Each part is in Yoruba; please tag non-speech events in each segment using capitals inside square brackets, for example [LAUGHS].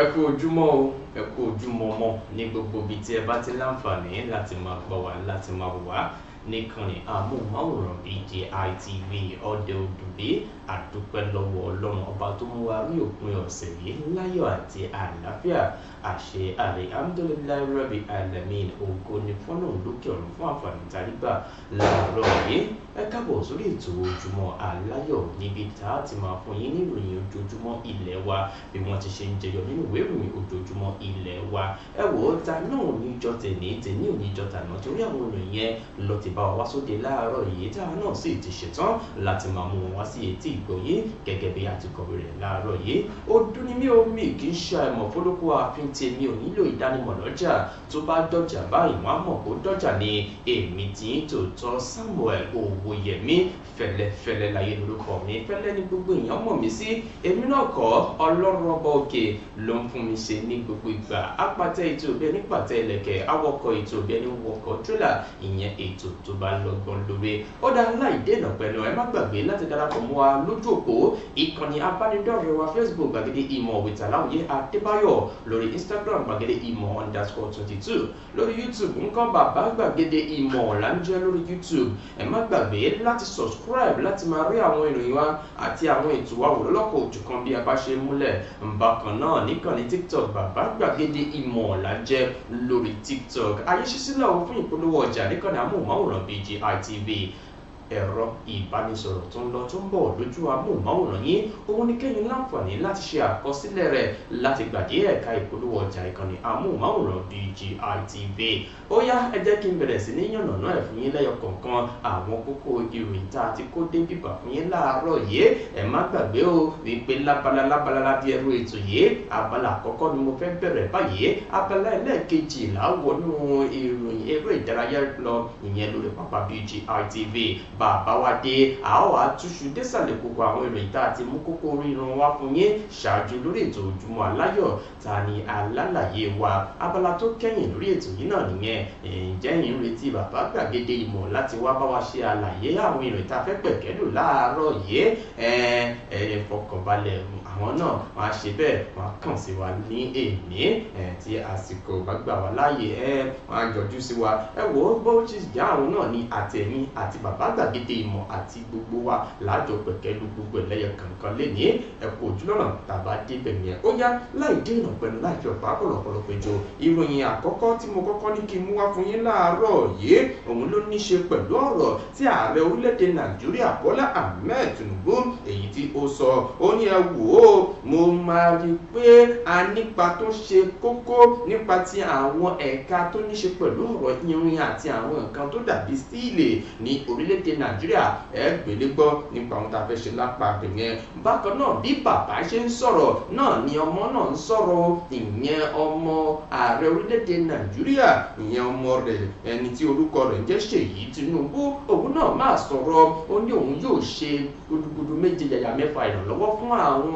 ẹ kú ojúmọ́ o ẹ kú ojúmọ́ mọ́ ní gbogbo ibi tí ẹ bá ti láǹfààní láti máa gbọ́ wa láti máa wò wá nìkànnì àmóhùnmáwòrán BGI TV ọdẹ òdùbí àdúpẹ́ lọ́wọ́ ọlọ́run ọba tó mú wa rí òpin ọ̀sẹ̀ yìí láyọ̀ àti àlàáfíà àṣẹ alihamudulilayi rabi alamin ògo ni fọ́nà lókè ọ̀run fún àǹfààní ìtarígbà làárọ̀ yìí ẹ káàbọ̀ sórí ètò ojúmọ́ aláyọ̀ níbi tá a ti máa fún yín ní ìròyìn ojoojúmọ́ ilé wa bí wọ́n ti ṣe ń jẹyọ nínú ìwé ìròyìn ojoojúmọ́ ilé wa ẹ wò ó ta náà níjọ tẹ̀ní tẹ̀ní òníjọ tàná torí àwọn ìròyìn yẹn lọ ti bá wa wá sóde láàárọ̀ yìí tá a náà sì ti ṣetán láti máa mú wọn wá sí etí ìgbọ̀nyín gẹ́gẹ́ bí a ti kọ̀wé tèmi ò nílò ìdánimọ̀ lọ́jà tó bá dọ̀jà báyìí wọ́n á mọ̀ kó dọ̀jà ni èmi tí ń tòótọ́ Samuel Owóyẹmí fẹlẹfẹlẹ láyé lórúkọ mi fẹlẹ ní gbogbo èèyàn mọ̀ mí sí èmi náà kọ́ ọlọ́run ọba òkè ló ń fún mi ṣe ní gbogbo ìgbà apàtẹ ètò òbí ẹni pàtẹ ẹlẹ́kẹ̀ awọkọ̀ ètò òbí ẹni wọkọ̀ tírélà ìyẹn ètò tó bá lọ́gbọ́n lóore ó dá láì dènà pẹ̀lú ẹ má gbàgbé láti darapọ̀ mọ́ wa lójú òpó ìkànnì abánidọ́rẹ̀ẹ́ wa Facebook gbàgede ìmọ̀ òwìtàláwòye Adébáyọ̀ lórí Instagram instagram gbàgede ìmọ̀ underscore twenty two lórí youtube nǹkan bàbá gbàgede ìmọ̀ là ń jẹ́ lórí youtube ẹ e má gbàgbé láti subscribe láti máa rí àwọn ìròyìn wa àti àwọn ètò wa wò lọ́kọ̀ òjọ̀kan bí a bá ṣe múlẹ̀ bákan náà níkànnì tiktok bàbá gbàgede ìmọ̀ là ń jẹ́ lórí tiktok ayé ṣíṣílẹ̀ òfin ìpolówó ọjà níkànnì amóhùnmáwòrán BGI TV ẹ̀rọ ìbánisọ̀rọ̀ tó ń lọ tó ń bọ̀ lójú amóhùnmáwòrán yín òun ni kẹ́yìn láǹfààní láti ṣe àkọsílẹ̀ rẹ̀ láti gbàdé ẹ̀ka ìpolówó ọjà ìkànnì amóhùnmáwòrán BGI TV ó yá ẹ jẹ́ kí n bẹ̀rẹ̀ sí ní yànnàná ẹ̀ fún yín lẹ́yọ kọ̀ọ̀kan àwọn kókó ìròyìn tá a ti kó dé bíbà fún yín láàárọ̀ yìí ẹ má gbàgbé o wípé lábala lábala lábí ẹrú ètò yìí abala àkọ́kọ́ ni mo fẹ́ bẹ̀rẹ̀ báyìí abala ẹlẹ́ẹ̀kejì bàbá wa dé àáwá túṣu désàlẹ̀ gbogbo àwọn èrè ìta àti mú kókó orí irun wá fún yín ṣáájú lórí ètò ojúmọ́ aláyọ̀ ta ni alálàyé wa abala tó kẹ́yìn lórí ètò yìí náà nìyẹn ǹjẹ́ yìí ń retí bàbá gbàgede ìmọ̀ láti wá bá wa ṣe àlàyé àwọn èrè ìta fẹ́ pẹ̀kẹ́dùn láàárọ̀ yìí ẹ ẹ fọkànbalẹ̀ àwọn náà wọ́n á ṣe bẹ́ẹ̀ wọ́n á kàn sí wa ní èmi tí àsìkò bá gbà wá láàyè ẹ wọ́n á sí wa ẹ wò ó bó ṣe jẹ́ àwọn náà ni àtẹ̀yìn àti bàbá gbàgede ìmọ̀ àti gbogbo wa láàjọ pẹ̀kẹ́lu gbogbo ẹlẹ́yẹ kankan lénìí ẹ kú ojúlọ́nà tàbá débẹ̀ yẹn ó yá láì dé ìnà pẹ̀lú láì fi ọ̀pá pọ̀lọ̀pọ̀lọ̀ péjọ ìròyìn àkọ́kọ́ tí mo kọ́kọ́ ní kí n mú wá fún yín láàárọ̀ yìí òun ló ní ṣe pẹ̀lú ọ̀rọ̀ tí ààrẹ orílẹ̀-èdè Nàìjíríà Bọ́lá Ahmed Tinubu èyí tí ó sọ ó ní ẹ wò ó mo máa rí i pé a nípa tó ṣe kókó nípa ti àwọn ẹ̀ka tó ní ṣe pẹ̀lú ọ̀rọ̀ irin àti àwọn nǹkan tó dàbí síìlì ní orílẹ̀-èdè nàìjíríà ẹ gbélé gbọ́ nípa ohun tá a fẹ́ ṣe lápá bẹ̀yẹn bákan náà bí bàbá ṣe ń sọ̀rọ̀ náà ni ọmọ náà ń sọ̀rọ̀ ìyẹn ọmọ ààrẹ orílẹ̀-èdè nàìjíríà ìyẹn ọmọ rẹ̀ ẹni tí orúkọ rẹ̀ ń jẹ́ ṣèyí tinubu òun náà máa sọ̀rọ̀ ó ní òun yóò ṣe gudugudu méje yàyà mẹ́fà ìrànlọ́wọ́ fún àwọn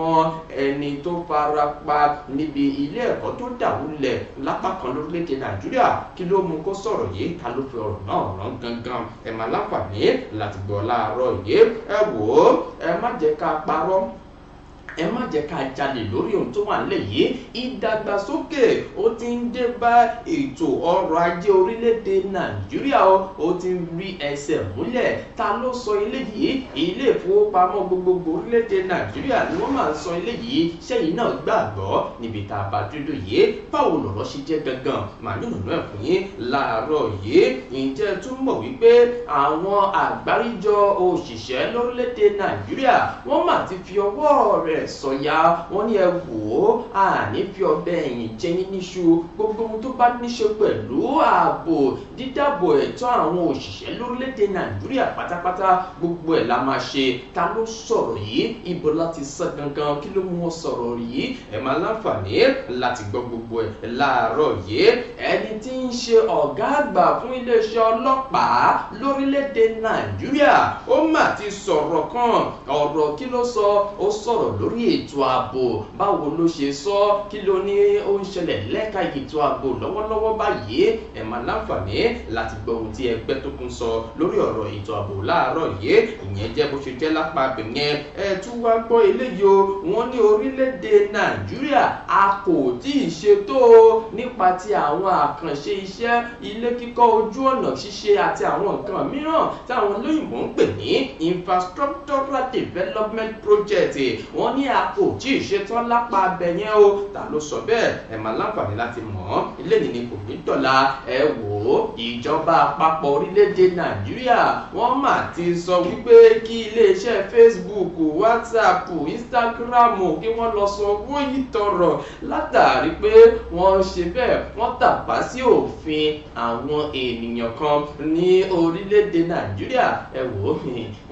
ẹni tó fara pa níbi ilé ẹ̀kọ́ tó dàrú lẹ̀ lápá kan lórílẹ̀‐èdè nàìjíríà kí ló mú kó sọ̀rọ̀ yìí ta ló fi ọ̀rọ̀ náà rán gangan ẹ̀ máa láǹfààní láti gbọ́ láàárọ̀ yìí ẹ wò ó ẹ má jẹ́ ká parọ́ ẹ má jẹ́ ká jalè lórí ohun tó wà nílẹ̀ yìí ìdàgbàsókè ó ti ń dé bá ètò ọrọ̀ ajé orílẹ̀-èdè nàìjíríà ó ti ń rí ẹsẹ̀ múlẹ̀ ta ló sọ eléyìí ilé ìfowópamọ́ gbogbogbò orílẹ̀-èdè nàìjíríà ni wọ́n máa ń sọ eléyìí sẹ́yìn náà gbàgbọ́ níbi tá a bá dúdú yìí báwo lọ̀rọ̀ ṣe jẹ́ gangan màdúnnù ẹ̀kún yín láàárọ̀ yìí ǹjẹ́ túmọ̀ wípé àwọn àgbáríjọ òṣìṣẹ́ lórílẹ̀-èdè nàìjíríà wọ́n mà ti fi ọwọ́ rẹ̀ sọ̀yà wọ́n ní ẹ wò ó àní fi ọ̀bẹ ẹ̀yìn jẹ yín níṣu gbogbo ohun tó bá níṣe pẹ̀lú ààbò dídáàbò ẹ̀tọ́ àwọn òṣìṣẹ́ lórílẹ̀‐èdè nàìjíríà pátápátá gbogbo ẹ̀ la máa ṣe ta ló sọ̀rọ̀ yìí ibo láti sọ gangan kí ló mú wọn sọ̀rọ̀ yìí ẹ̀ máa láǹfààní láti gbọ́ gbogbo ẹ̀ láàárọ̀ yìí ẹni tí ń ṣe ọ̀gá àgbà fún iléeṣẹ́ ọlọ́pàá lórílẹ̀‐èdè nàìjíríà ó mà ti sọ̀rọ̀ kan ọ̀rọ̀ kí ló sọ ó sọ̀rọ̀ lórí lórí ètò ààbò báwo ló ṣe sọ kí ló ní ó ń ṣẹlẹ̀ lẹ́ka ètò ààbò lọ́wọ́lọ́wọ́ báyìí ẹ láǹfààní láti gbọ́ ohun tí ẹgbẹ́ tó kún sọ lórí ọ̀rọ̀ ètò ààbò láàárọ̀ yìí ìyẹn jẹ́ bó ṣe jẹ́ lápá abìyẹn ẹ tún wá gbọ́ eléyìí o wọ́n ní orílẹ̀-èdè nàìjíríà a kò tí ì ṣètò nípa ti àwọn àkànṣe iṣẹ́ ilé kíkọ́ ojú ọ̀nà ṣíṣe àti àwọn nǹkan mìíràn táwọn olóyìnbó ń pè ní infrastructural development project wọ́n ní a kò tí ì ṣetán lápá abẹ yẹn o ta ló sọ bẹ́ẹ̀ ẹ máa láǹfààní láti mọ̀ ọ́ eléyìí ni kò ní dọ̀la ẹ wò ó ìjọba àpapọ̀ orílẹ̀-èdè nàìjíríà wọ́n mà ti sọ wípé kí iléeṣẹ́ facebook whatsapp instagram kí wọ́n lọ sọ owó yìí tọrọ látàrí pé wọ́n ṣe bẹ́ẹ̀ wọ́n tàpá sí òfin àwọn ènìyàn kan ní orílẹ̀-èdè nàìjíríà ẹ wò ó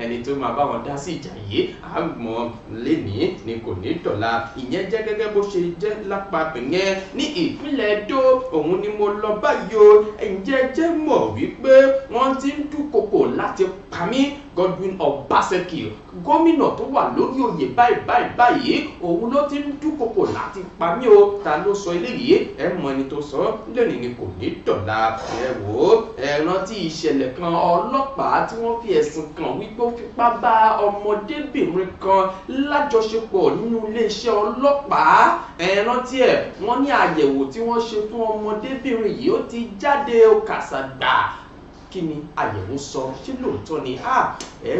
ẹni tó máa bá wọn dá sí ìjà yìí àmọ́ lẹ́nìí ni kò ní dọ̀la ìyẹn jẹ́ gẹ́gẹ́ bó ṣe jẹ́ lápapẹ̀ yẹn ní ìpínlẹ̀ Ẹdó òun ni mo lọ báyìí o ǹjẹ́ jẹ́ mọ̀ wípé wọ́n ti ń dúnkokò láti Kami Godwin Obaseki gómìnà tó wà lórí oyè báyìí báyìí báyìí òun ló ti ń dúnkokò láti pa mí o ta ló sọ eléyìí ẹ mọ ẹni tó sọ lónìí ni kò ní dọ̀la ẹ wò ó ẹ rántí ìṣẹ̀lẹ̀ kan ọlọ́pàá tí wọ́n fi ẹ̀sùn kan wípé ó fipá bá ọmọdébìnrin kan lájọṣepọ̀ nínú iléeṣẹ́ ọlọ́pàá ẹ rántí ẹ wọ́n ní àyẹ̀wò tí wọ́n ṣe fún ọmọdébìnrin yìí ó ti jáde ó kàṣà gbà kí ni àyẹ̀wò sọ ṣé lóòótọ́ ni a ẹ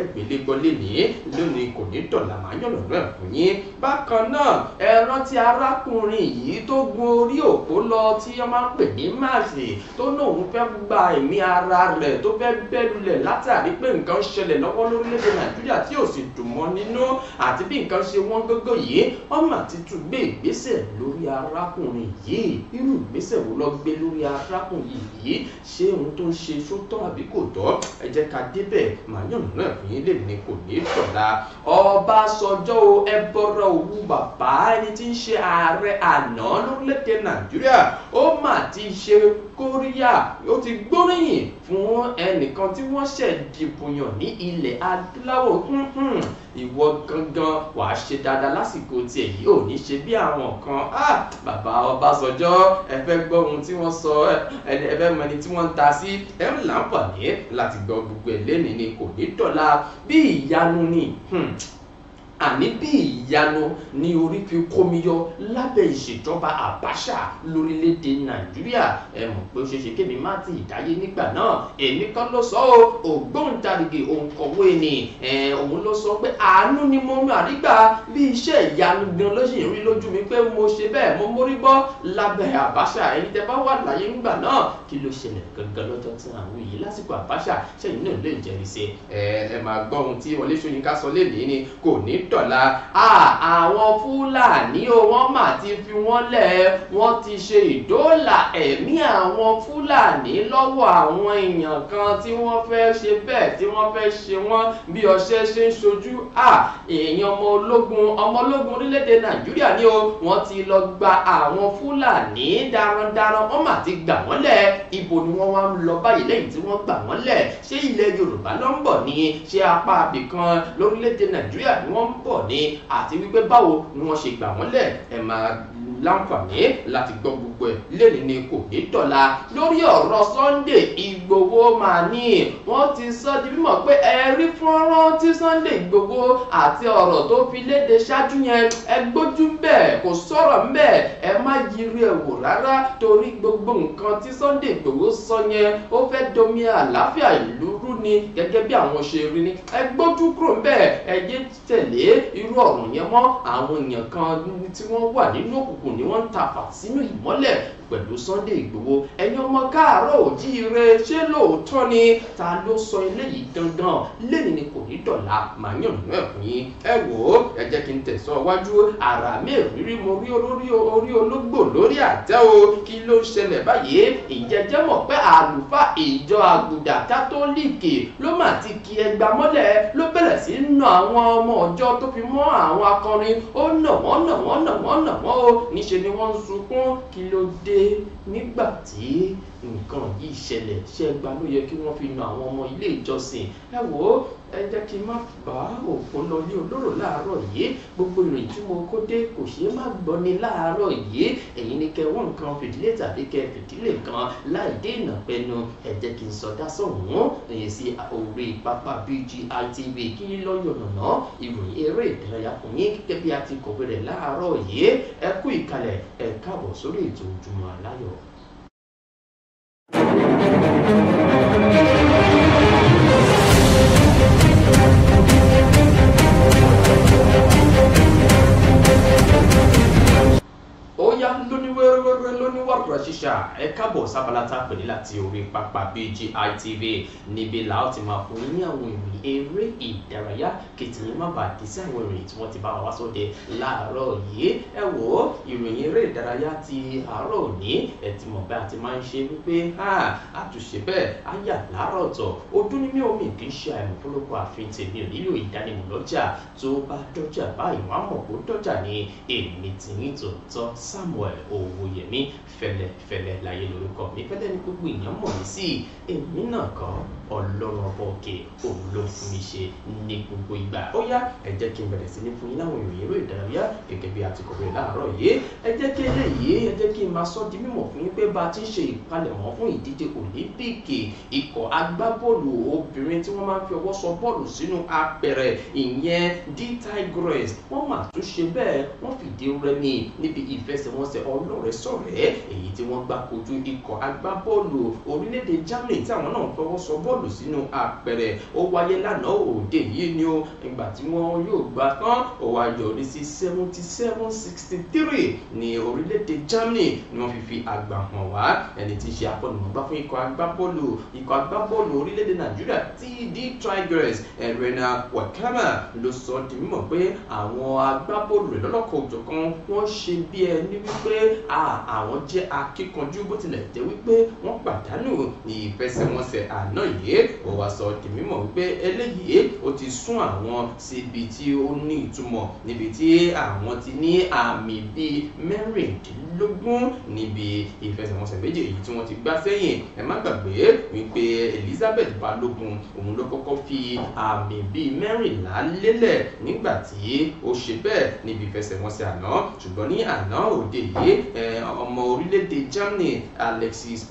gbélé ní lónìí kò ní dọ̀là máa yànnà náà fún yín bákan náà ẹ rántí arákùnrin yìí tó gun orí òpó lọ tí wọ́n máa ń pè ní máàsì tó náà fẹ́ gba ẹ̀mí ara rẹ̀ tó fẹ́ bẹ́lulẹ̀ látàrí pé nǹkan ṣẹlẹ̀ lọ́wọ́ lórílẹ̀‐èdè nàìjíríà tí ò sì dùn mọ́ nínú àti bí nǹkan ṣe wọ́n gógó yìí ọmọ àti tún gbé ìgbésẹ̀ lórí arákùnrin yìí irú ìgbésẹ̀ wo ló gbé lórí arákùnrin yìí ṣé òun tó ń ṣe sótọ́ àbí kò tọ́ ẹ jẹ́ ká débẹ̀ màáyànnù náà fún yín lèmi kò ní tọ̀la ọbásanjọ́ o ẹ bọ́rọ̀ òwú bàbá ẹni tí ń ṣe ààrẹ àná lórílẹ̀ nàìjíríà ó mà ti ṣe kóríyá ó ti gbóríyìn fún ẹnìkan tí wọ́n ṣẹ̀ dìbò yàn ní ilẹ̀ adúláwọ̀ hmm, ìwọ gangan wàá ṣe dáadáa lásìkò tiẹ̀ yìí ò ní ṣe bí àwọn kan ah, bàbá Ọbásanjọ́ ẹ fẹ́ gbọ́ ohun tí wọ́n sọ ẹ fẹ́ mọ ẹni tí wọ́n ń ta sí ẹ ń láǹfààní láti gbọ́ gbogbo ẹ̀ lẹ́nìí ni kò ní dọ̀la bí ìyanu ni hmm, àní bí ìyanu ni orí fi kó mi yọ lábẹ́ ìṣèjọba Abacha lórílẹ̀‐èdè Nàìjíríà ẹ mọ̀ pé ó ṣeéṣe kémi má ti ìdáyé nígbà náà èmi kan ló sọ ọ́ ògbóǹtarìgì òǹkọ̀wé ni òun ló sọ pé àánú ni mo mú àrígbà bí iṣẹ́ ìyanu gan ló sì ń rí lójú mi pé mo ṣe bẹ́ẹ̀ mo mórí bọ́ lábẹ́ Abacha ẹni tẹ́ bá wà láyé nígbà náà kí ló ṣẹlẹ̀ gangan lọ́jọ́ tí àwọn yìí lásìkò Abacha ṣẹ́yìn náà lè jẹ́rìí sí ẹ ẹ máa gbọ́ ohun tí Wọlé Ṣóyínká sọ lé dọ̀la àwọn fúlàní o wọ́n mà ti fi wọ́n lẹ̀ wọ́n ti ṣe ìdóòlà ẹ̀mí àwọn fúlàní lọ́wọ́ àwọn èèyàn kan tí wọ́n fẹ́ ṣe bẹ́ẹ̀ tí wọ́n fẹ́ ṣe wọ́n bí ọṣẹ ṣe ń ṣojú à èèyàn ọmọ ológun ọmọ ológun orílẹ̀-èdè nàìjíríà ni o wọ́n ti lọ gba àwọn fúlàní darandaran wọ́n mà ti gbà wọ́n lẹ̀ ibo ni wọ́n wá ń lọ báyìí lẹ́yìn tí wọ́n gbà wọ́n lẹ̀ ṣé ilẹ̀ yorùbá ló ń bọ̀ ni ṣé apá abìkan lórílẹ̀-èdè nàìjíríà ni wọ́n ń bọ̀ ni àti wípé báwo ni wọ́n ṣe gbà wọ́n lẹ̀ ẹ̀ máa láǹfààní láti gbọ́ gbogbo ẹ̀ lẹ́ni ni kò ní dọ̀la lórí ọ̀rọ̀ Sunday Ìgbòho máa ní wọ́n ti sọ di mímọ̀ pé ẹ̀rí fọ́nrán tí Sunday Ìgbòho àti ọ̀rọ̀ tó fi léde ṣáájú yẹn ẹ gbójú bẹ́ẹ̀ kò sọ̀rọ̀ mbẹ́ ẹ má yiri ẹ̀ wò rárá torí gbogbo nǹkan tí Sunday Ìgbòho sọ yẹn ó fẹ́ domi àlàáfíà ìlú rú ni gẹ́gẹ́ bí àwọn ṣe rí ni ẹ gbójú kúrò mbẹ́ ẹ yé tẹ̀lé irú ọ̀rùn yẹn mọ́ àwọn èèyàn kan tí wọ́n wà nínú òkùnkùn òkùnkùn ni wọ́n ń tapà sínú ìmọ́lẹ̀ pẹ̀lú Sunday Ìgbòho ẹ̀yin ọmọ káàárọ̀ òjíire ṣé lóòótọ́ ni ta ló sọ eléyìí dandan lẹ́ni ni kò ní dọ̀la màá yàn nínú ẹ̀kún yín ẹ wò ó ẹ jẹ́ kí n tẹ̀sán ara mi rírí mo rí olórí orí ológbò lórí àtẹ́ o kí ló ń ṣẹlẹ̀ báyìí ìjẹjẹ́ mọ̀ pé àlùfáà ìjọ àgùdà kátólíìkì ló mà ti ki ẹgba mọ́lẹ̀ ló bẹ̀rẹ̀ sí nà níṣe ni wọ́n ń sunkún kí ló dé nígbà tí nǹkan yìí ṣẹlẹ̀ ṣẹ́gbà ló yẹ kí wọ́n fi na àwọn ọmọ ilé ìjọsìn ẹ wò ó ẹ jẹ́ kí n má bá òfò lọ ní olóró láàárọ̀ yìí gbogbo ìrìn tí mo kó dé kò ṣeé má gbọ́ ní láàárọ̀ yìí ẹ̀yin ni kẹ wọ́n nǹkan fìdílé tàbí kẹ fìdílé kan láì dé ìnà pẹnu ẹ jẹ́ kí n sọdá sọ̀hún ẹ̀yìn sí orí pápá BGI TV kí lọ́yọ̀nàná ìròyìn eré ìdárayá fún yín gẹ́gẹ́ bí a ti kọ̀wé rẹ̀ láàárọ̀ yìí ẹ kú ìkàlẹ̀ ẹ káàbọ̀ sórí ètò Ojúmọ́ Aláyọ̀ Thank you. wẹ́rẹ́wẹ́rẹ́ ló ní wàrúrà ṣíṣà ẹ káàbọ̀ sábàlátà pẹ̀lú láti orí pápá BGI TV níbi là ó ti máa fún yín ní àwọn ìròyìn eré ìdárayá kìtìyìn má bàa dì sí àwọn ìròyìn tí wọ́n ti bá wa wá sóde láàárọ̀ yìí ẹ wò ó ìròyìn eré ìdárayá ti àárọ̀ òní ẹ ti mọ̀ bẹ́ẹ̀ àti máa ń ṣe wípé àtúnṣe bẹ́ẹ̀ á yà láàárọ̀ ọ̀tọ̀ ọdún ní mí kì í ṣe àìmọ̀pọ̀lọpọ̀ àfihàn tèmi ò nílò ìdánimọ̀ lọ́jà tó bá dọ́jà báyìí wọ́n á mọ̀ pé ó dọ́jà ní èmi tìyín tòótọ́ Samuel Owó oyèmí fẹlẹ fẹlẹ láyé lórúkọ mi fẹlẹ ní gbogbo èèyàn mọ̀ mí sí èmi náà kọ́ ọlọ́run ọba òkè òun ló fún mi ṣe ní gbogbo ìgbà ó yá ẹ jẹ́ kí n bẹ̀rẹ̀ sí ní fún yín láwọn ìròyìn eré ìdárayá gẹ́gẹ́ bí a ti kọ̀wé láàárọ̀ yìí ẹ jẹ́ kí eléyìí ẹ jẹ́ kí n máa sọ di mímọ̀ fún yín pé bá a ti ń ṣe ìpalẹ̀mọ́ fún ìdíje òlímpìkì ikọ̀ agbábọ́ọ̀lù obìnrin tí wọ́n máa ń fi ọwọ́ sọ bọ́ọ̀lù sínú apẹ̀rẹ̀ ìyẹn D Tigress wọ́n mà tún ṣe bẹ́ẹ̀ wọ́n fìdí rẹmi níbi ìfẹsẹ̀wọnsẹ̀ ọlọ́rẹ̀ẹ́sọ̀rẹ́ èyí tí wọ́n gbà kojú ikọ̀ agbábọ́ọ̀lù orílẹ̀-èdè Germany tí àwọn náà fọwọ́ sọ bọ́ọ̀lù bọ́ọ̀lù sínú apẹ̀rẹ̀ ó wáyé lánàá òde yìí ni ó ìgbà tí wọ́n yóò gbà tán ó wá sí seventy seven sixty three ní orílẹ̀-èdè Germany ni wọ́n fi fi àgbà hàn wá ẹni tí í ṣe akọ́nùmọ̀gbá fún ikọ̀ agbábọ́ọ̀lù ikọ̀ agbábọ́ọ̀lù orílẹ̀-èdè Nàìjíríà TD Tigers ẹ̀rẹ̀nà Wakama ló sọ di mímọ̀ pé àwọn agbábọ́ọ̀lù rẹ̀ lọ́lọ́kọ̀ òjọ̀kan wọ́n ṣe bí ẹni wípé àwọn jẹ́ akíkanjú bó tilẹ̀ jẹ́ wípé wọ́n pàdánù ìfẹsẹ̀wọnsẹ̀ àná yìí yìí ó wá sọ di mímọ̀ wípé eléyìí ó ti sún àwọn síbi tí ó ní ìtumọ̀ níbi tí àwọn ti ní àmì bíi mẹ́rìndínlógún níbi ìfẹsẹ̀wọnsẹ̀ méje èyí tí wọ́n ti gbá sẹ́yìn ẹ má gbàgbé wípé Elizabeth Balógun òun ló kọ́kọ́ fi àmì bíi mẹ́rìnlá lélẹ̀ nígbà tí ó ṣe bẹ́ẹ̀ níbi ìfẹsẹ̀wọnsẹ̀ àná ṣùgbọ́n ní àná òde yìí ọmọ orílẹ̀-èdè Germany Alexis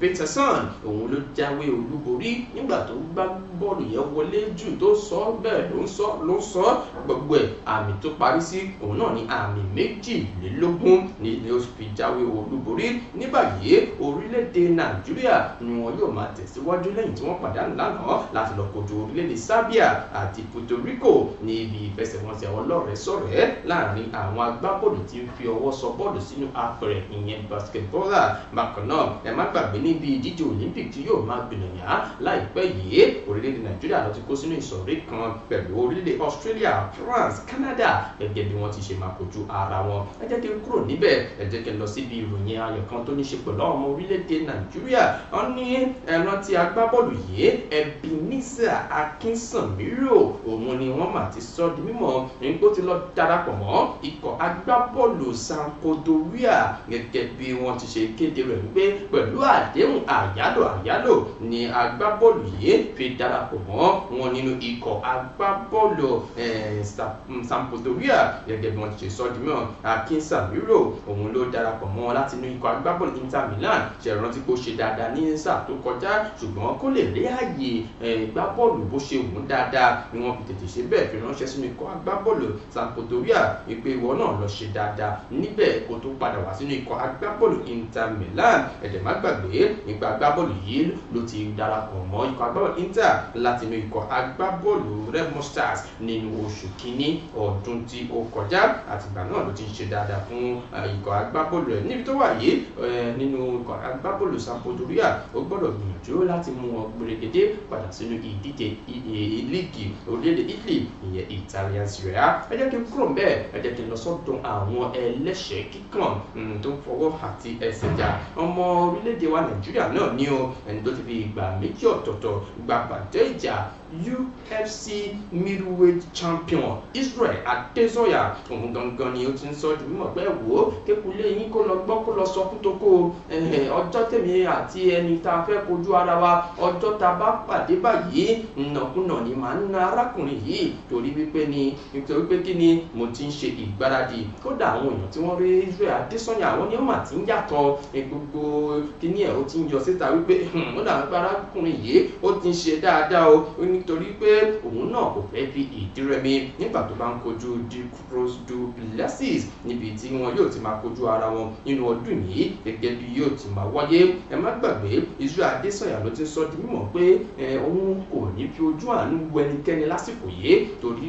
Peterson òun ló jáwé olúborí rí nígbà tó gbá bọ́ọ̀lù yẹn wọlé jù tó sọ bẹ́ẹ̀ ló ń sọ ló ń sọ gbogbo ẹ̀ àmì tó parí sí òun náà ní àmì méjìlélógún ní ilé oṣù fi jáwé olúborí ní báyìí orílẹ̀-èdè nàìjíríà ni wọn yóò máa tẹ̀síwájú lẹ́yìn tí wọ́n pàdánù lánàá láti lọ kojú orílẹ̀-èdè sábíà àti puerto rico ní ibi ìfẹsẹ̀wọnsẹ̀ ọlọ́rẹ̀ẹ́sọ̀rẹ́ láàrin àwọn agbábọ́ọ̀lù tí ń fi ọwọ́ sọ bọ́ọ̀lù sínú apẹ̀rẹ̀ ìyẹn basketballer bákan náà ẹ má gbàgbé níbi ìdíje olympic tí yóò máa gbìyànjú láìpẹ́ yìí orílẹ̀-èdè nàìjíríà ló ti kó sínú ìsọ̀rí kan pẹ̀lú orílẹ̀-èdè australia france canada gẹ́gẹ́ bí wọ́n ti ṣe máa kojú ara wọn ẹ jẹ́ kí n kúrò níbẹ̀ ẹ jẹ́ kí n lọ síbi ìròyìn ayọ̀ kan tó ní ṣe pẹ̀lú ọmọ orílẹ̀-èdè nàìjíríà wọ́n ní ẹrántí agbábọ́ọ̀lù yìí ebenezer akínsanmírò òun ni wọ́n mà ti sọ di mímọ̀ nígbó ti lọ darapọ̀ mọ́ ikọ̀ agbábọ́ọ̀lù sankodoria gẹ́gẹ́ bí wọ́n ti ṣe kéde rẹ̀ wípé pẹ̀lú àdéhùn àyálò àyálò ni agbá agbábọ́ọ̀lù yìí fi darapọ̀ mọ́ wọn nínú ikọ̀ agbábọ́ọ̀lù eh, mm, Sampdoria gẹ́gẹ́ bí wọ́n ti ṣe sọ di mọ́ Akin Samiro òun ló darapọ̀ mọ́ wọn láti inú ikọ̀ agbábọ́ọ̀lù Inter Milan ṣèrántí pé ó ṣe dáadáa ní sáà tó kọjá ṣùgbọ́n kó lè rí àyè eh, gbábọ́ọ̀lù bó ṣe wù ú dáadáa ni wọ́n fi tètè ṣe bẹ́ẹ̀ fi ránṣẹ́ sínú ikọ̀ agbábọ́ọ̀lù Sampdoria wípé ìwọ náà lọ ṣe dáadáa níbẹ̀ kó tó padà wá sínú ikọ̀ agbábọ́ọ̀lù Inter Milan ẹ̀dẹ̀ má gbàgbé ìgbà agbábọ́ọ̀lù yìí ló ti darapọ̀ darapọ̀ mọ́ ikọ̀ agbábọ́ọ̀lù Inter láti inú ikọ̀ agbábọ́ọ̀lù Redmond Stars nínú oṣù kínní ọdún tí ó kọjá àtìgbà náà ló ti ń ṣe dáadáa fún ikọ̀ agbábọ́ọ̀lù rẹ̀ níbi tó wà yìí nínú ikọ̀ agbábọ́ọ̀lù Sampdoria ó gbọ́dọ̀ gbìyànjú láti mú wọn gbèrègèdè padà sínú ìdíje e, e, líìgì orílẹ̀-èdè Italy ìyẹn Italian Serie A ẹ jẹ́ kí n kúrò mbẹ́ ẹ jẹ́ kí n lọ sọ́dọ̀ àwọn ẹlẹ́ṣẹ̀ kíkàn hmm, tó ń fọwọ́ àti ẹsẹ̀ jà ọmọ orílẹ̀-èdè wa Nàìjíríà náà ní o ẹni tó ti fi ìgbà méjì ọ̀tọ̀ọ̀tọ̀ gbàgbàjẹ́ ìjà UFC middleweight champion Israel Adesanya òun gangan ni ó ti ń sọ jù mímọ̀ pé wò kékulé yín kó lọ gbọ́ kó lọ sọ kútokó ọjọ́ tèmi àti ẹni tá a fẹ́ kojú ara wa ọjọ́ tá a bá pàdé báyìí nnàkúnà ni màá ń na arákùnrin yìí torí wípé ni nítorí pé kí ni mo ti ń ṣe ìgbáradì kódà àwọn èèyàn tí wọ́n rí Israel Adesanya àwọn ni ó mà ti ń yàtọ̀ gbogbo kíní ẹ̀ ó ti ń yọ síta wípé ó dàbí arákùnrin yìí ó ti ń ṣe dáadáa o ní nítorí pé òun náà kò fẹ́ fi ìdírẹ́mi nígbà tó bá ń kojú Cruz du Plessis níbi tí wọn yóò ti máa kojú ara wọn nínú ọdún yìí gẹ́gẹ́ bí yóò ti máa wáyé ẹ má gbàgbé Israel Adésànyà ló ti sọ di mímọ̀ pé òun kò ní fi ojú àánú wo ẹnikẹ́ni lásìkò yìí torí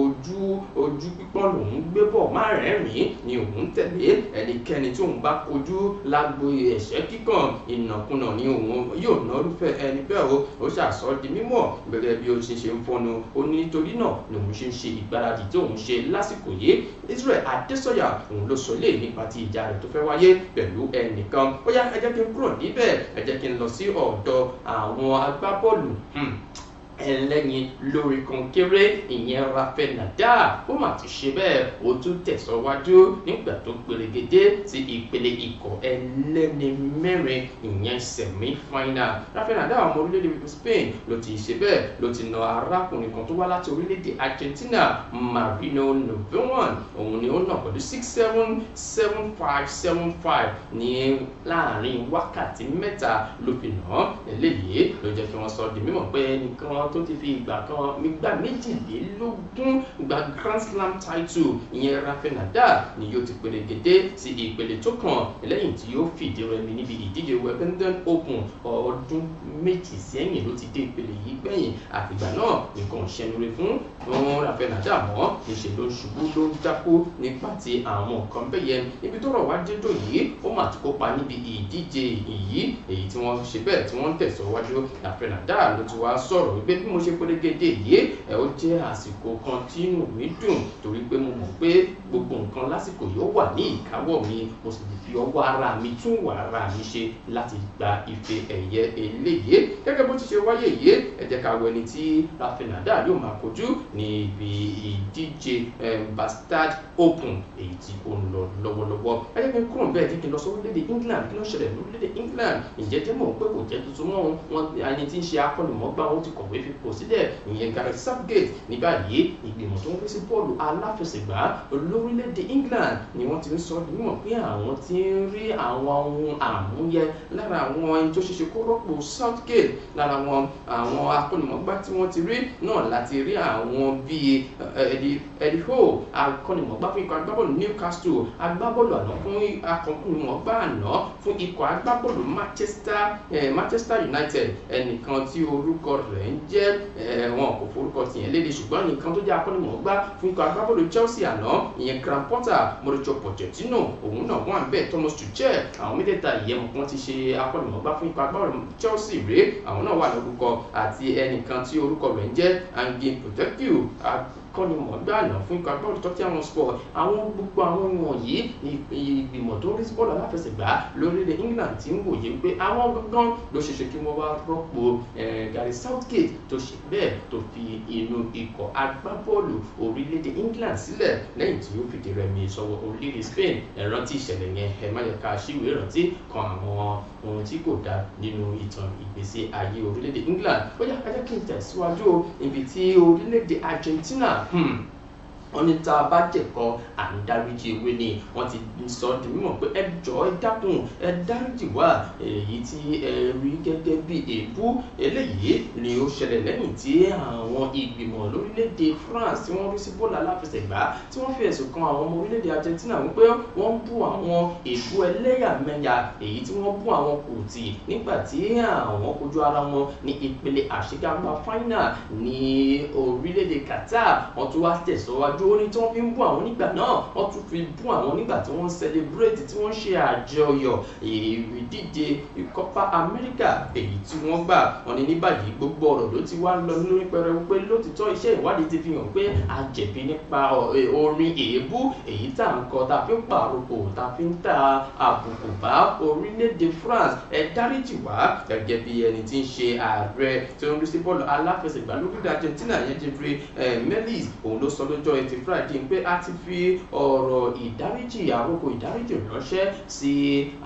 ojú ojú pípọ́n lòun gbé bọ̀ má rẹ́rìn-ín ni òun tẹ̀lé ẹnikẹ́ni tí òun bá kojú lágbo ẹ̀ṣẹ́ kíkàn ìnàkúnà ni òun yóò nọ́rúfẹ́ ẹni bẹ́ẹ̀ o ó ṣàsọ́ di mímọ̀ gbẹ̀gẹ́ gẹ́gẹ́ bí ó ti ṣe ń fọ́nu ó ní nítorí náà ni ṣe ń ṣe ìgbáradì tí òun ṣe lásìkò yìí Israel Adésọyà òun ló sọ léè nípa ti ìjà rẹ̀ tó fẹ́ wáyé pẹ̀lú ẹnìkan ó yá ẹ jẹ́ kí n kúrò níbẹ̀ ẹ jẹ́ kí n lọ sí ọ̀dọ̀ àwọn agbábọ́ọ̀lù hmm ẹlẹ́yin lórígun kéré ìyẹn Rafael Nadal ó mà ti ṣe bẹ́ẹ̀ ó tún tẹ̀síwájú nígbà tó pèrègede ti ìpele ikọ̀ ẹlẹ́ni mẹ́rin ìyẹn semi final Rafael Nadal ọmọ orílẹ̀-èdè Spain ló ti ṣe bẹ́ẹ̀ ló ti na arákùnrin kan tó wá láti orílẹ̀-èdè Argentina Marino Novelan òun ni ó nà pẹ̀lú six seven seven five seven five ní láàrin wákàtí mẹ́ta ló fi nà án eléyìí ló jẹ́ kí wọ́n sọ di mímọ̀ pé ẹnìkan tó ti fi ìgbà kan ìgbà méjìlélógún gba grand slam title ìyẹn rafael nadal ni yóò ti pèrègede sí ìpele tó kàn lẹ́yìn tí yóò fìdí rẹmi níbi ìdíje wimbledon open ọdún méjì sẹ́yìn ló ti dé ìpele yìí gbẹ̀yìn àfìgbà náà nìkan ṣẹnure fún fún rafael nadal mọ́ níṣẹ́ ló ń ṣubú ló ń dákú nípa ti àwọn nǹkan bẹ́ẹ̀ yẹn níbi tó rọ̀ wá dédò yìí ó mà ti kópa níbi ìdíje yìí èyí tí wọ́n ṣe bẹ́ẹ̀ tí wọ́n ń tẹ̀síwájú rafael nadal ló ti wá sọ̀rọ̀ wípé bí mo ṣe polégede yìí ẹ̀ ó jẹ́ àsìkò kan tí inú mi dùn torí pé mo mọ̀ pé gbogbo nǹkan lásìkò yóò wà ní ìkáwọ́ mi mo sì lè fi ọwọ́ ara mi tún wà ara mi ṣe láti gba ife ẹ̀yẹ eléyìí gẹ́gẹ́ bó ti ṣe wáyé yìí ẹ jẹ́ ká wo ẹni tí Rafael Nadal yóò máa kojú ní ibi ìdíje Bastard Open èyí tí ó ń lọ lọ́wọ́lọ́wọ́ ẹ jẹ́ kí n kúrò bẹ́ẹ̀ kí n lọ sọ orílẹ̀-èdè England kí ló ṣẹlẹ̀ lórílẹ̀-èdè England ìjẹ́jẹ́ mọ̀ pé kò jẹ́ tuntun mọ́ wọn ẹni tí ń ṣe akọ́nìmọ́gbà ó ti kọ̀wé fi fipò sílẹ̀ ìyẹn Gareth Southgate ní báyìí ìgbìmọ̀ tó ń rí sí bọ́ọ̀lù aláfẹsẹ̀gbá lórílẹ̀‐èdè England ni wọ́n ti ń sọ níwọ̀n pé àwọn ti ń rí àwọn ohun àmúyẹ lára àwọn ẹni tó ṣeṣe kó rọ́pò Southgate lára àwọn àwọn akọ́nìmọ̀gbá tí wọ́n ti rí náà láti rí àwọn bíi eh, Eddie Howe akọ́nìmọ̀gbá fún ikọ̀ agbábọ́ọ̀lù Newcastle agbábọ́ọ̀lù àná fún akọ́nìmọ̀gbá àná fún ikọ̀ agbábọ́ọ̀lù eh, Manchester United ẹnìkan tí orúkọ rẹ̀ ń jẹ́ eh, wọn kò forúkọ tìyẹn léde ṣùgbọ́n nìkan tó jẹ́ akọ́nimọ̀ọ́gbá fún ikọ̀ agbábọ́ọ̀lù Chelsea àná ìyẹn Graham Potter Mauricio Pochettino òun náà wà níbẹ̀ Thomas Tuchel àwọn mẹ́tẹ̀ẹ̀ta ìyẹn wọn ti ṣe akọ́nimọ̀ọ́gbá fún ikọ̀ agbábọ́ọ̀lù Chelsea rèé àwọn náà wà lórúkọ àti ẹnìkan tí orúkọ rẹ̀ ń jẹ́ Angin Potekew kọ́ni mọ̀ gbà àná fún ikọ̀ agbábọ́ọ̀lù Tottenham Hotspur àwọn gbogbo àwọn wọ̀nyí ìgbìmọ̀ tó ń rí bọ́ọ̀lù aláfẹsẹ̀gbá lórílẹ̀ England ti ń wòye pé àwọn gangan ló ṣeṣe kí wọ́n wá rọ́pò Gary Southgate tó ṣe bẹ́ẹ̀ tó fi inú ikọ̀ agbábọ́ọ̀lù orílẹ̀-èdè England sílẹ̀ lẹ́yìn tí ó fìdí rẹmi sọ́wọ́ orílẹ̀-èdè Spain ẹ̀rántí ìṣẹ̀lẹ̀ yẹn ẹ̀ má yẹ ká ṣíwèé ìrántí kan àwọn ohun tí kò dáa nínú ìtàn ìgbésí ayé orílẹ̀-èdè England ó yá ká jẹ́ kí n tẹ̀síwájú ibi tí orílẹ̀-èdè Argentina 嗯。wọ́n ní tá a bá jẹ̀kọ́ à ń dáríjì ewé ni wọ́n ti sọ di mímọ̀ pé ẹ jọ ẹ dákun ẹ dáríjì wá èyí tí ẹ rí gẹ́gẹ́ bí èébú eléyìí ni ó ṣẹlẹ̀ lẹ́yìn tí àwọn ìgbìmọ̀ lórílẹ̀‐èdè France tí wọ́n rú sí bọ́ọ̀lù aláfẹsẹ̀gbá tí wọ́n fi ẹ̀sùn kan àwọn ọmọ orílẹ̀‐èdè Argentina wípé wọ́n bú àwọn èébú ẹlẹ́yàmẹ̀yà èyí tí wọ́n bú àwọn kùtì nígbà tí àwọn kojú ara wọn ní ìpele àṣekágbá fáínà ní orílẹ̀‐èdè Qatar wọ́n tún wá tẹ̀síwájú ju orin tí wọ́n fi ń bú àwọn nígbà náà wọ́n tún fi bú àwọn nígbà tí wọ́n ń sẹlẹbúrẹ́tì tí wọ́n ń ṣe àjọyọ̀ ìdíje Copa America èyí tí wọ́n gbà wọ́n ní ní báyìí gbogbo ọ̀rọ̀ ló ti wá ń lọ lórí pẹrẹwu pé lótìtọ́ iṣẹ́ ìwádìí ti fi hàn pé àjẹ̀bí nípa e, orin èébú èyí tá à ń kọ tá a fi ń pàrokò tá a fi ń ta àbùkù bá orílẹ̀-èdè France ẹ dáríjì wá gẹ́gẹ́ bí ẹni tí ń ṣe ààrẹ tí ó ń rí sí bọ́ọ̀lù aláfẹsẹ̀gbá lórílẹ̀ Argentina yẹn Jeffrey eh, Melis òun ló sọ lọ́jọ́ ẹt ti Friday pé a ti fi ọ̀rọ̀ ìdáríjì àròkọ ìdáríjì ránṣẹ́ sí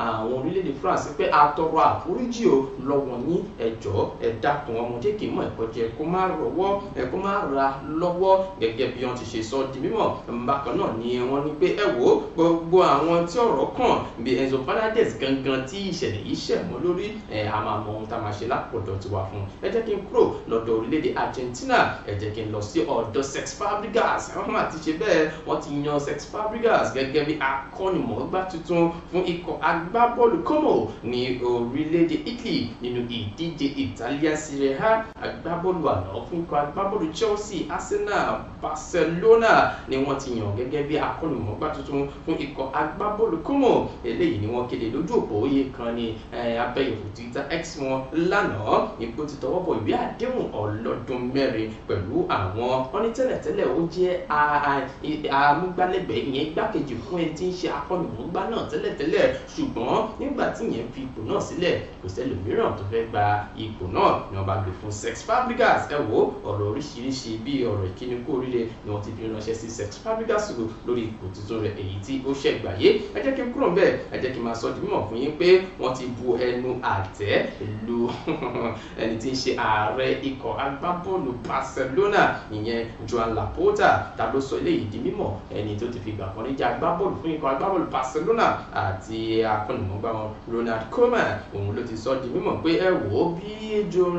àwọn orílẹ̀-èdè France pé a tọrọ àforíjì o lọ́wọ́ yín ẹ jọ̀ọ́ ẹ dákun ọmọdé kì í mọ̀ ẹ̀kọ́ jẹ kó má rọwọ́ ẹ kó má ra lọ́wọ́ gẹ́gẹ́ bí wọ́n ti ṣe sọ di mímọ̀ bákan náà ni wọ́n ní pé ẹ wò ó gbogbo àwọn tí ọ̀rọ̀ kàn bí Enzo Fernandez gangan tí ìṣẹ̀lẹ̀ yìí ṣẹ̀ mọ́ lórí ẹ̀ a máa mọ ohun tá a máa ṣe lápọ̀dọ̀ tiwa fún ẹ jẹ́ kí n kúrò lọ́dọ̀ orílẹ̀-èdè Argentina ẹ jẹ́ kí n lọ sí ọ̀dọ̀ Cesc Fabregas [LAUGHS] mà ti ṣe bẹ́ẹ̀ wọ́n ti yan Cesc Fabregas gẹ́gẹ́ bí akọ́nimọ̀ọ́gbá tuntun fún ikọ̀ agbábọ́ọ̀lù Como ní orílẹ̀-èdè Italy nínú ìdíje Italian Serie A agbábọ́ọ̀lù àná fún ikọ̀ agbábọ́ọ̀lù Chelsea Arsenal Barcelona ni wọ́n ti yàn gẹ́gẹ́ bí akọ́nimọ̀ọ́gbá tuntun fún ikọ̀ agbábọ́ọ̀lù Como eléyìí ni wọ́n kéde lójú òpó oyè kan ní eh, abẹ́yẹ̀wò Twitter X wọn lánàá ipò ti tọwọ́ bọ̀ ìwé àdéhùn ọlọ́dún mẹ́rin pẹ̀lú àwọn ọ́nítẹ́lẹ̀tẹ́lẹ̀ ó jẹ́ a amúgbálẹ́gbẹ̀ẹ́ ìyẹn igbákejì fún ẹni tí ń ṣe akọ́nìmọ̀ọ́gbá náà tẹ́lẹ̀tẹ́lẹ̀ ṣùgbọ́n nígbà tí ìyẹn fi ipò náà sílẹ̀ kò sẹ́lòmíràn tó fẹ́ gba ipò náà ni wọ́n bá gbé fún Sex Fabregas ẹ wo ọ̀rọ̀ oríṣiríṣi bíi ọ̀rọ̀ ìkíni kú oríire ni wọ́n ti fi ránṣẹ́ sí Sex Fabregas lórí ipò tuntun rẹ̀ èyí tí ó ṣẹ̀ gbàyé ẹ jẹ́ kí n kúrò bẹ́ẹ̀ ẹ jẹ́ kí n máa sọ di fún yín pé wọ́n ti bu ẹnu àtẹ́ lu [LAUGHS] ẹni tí ń ṣe ààrẹ ikọ̀ agbábọ́ọ̀lù Barcelona ìyẹn Joan Laporta tàbí ló sọ eléyìí di mímọ̀ ẹni tó ti fi gbà kan níjà agbábọ́ọ̀lù fún ikọ̀ agbábọ́ọ̀lù Barcelona àti akọ́nìmọ̀gbà wọn Ronald Koeman òun ló ti sọ di mímọ̀ pé ẹ wò ó bí Joan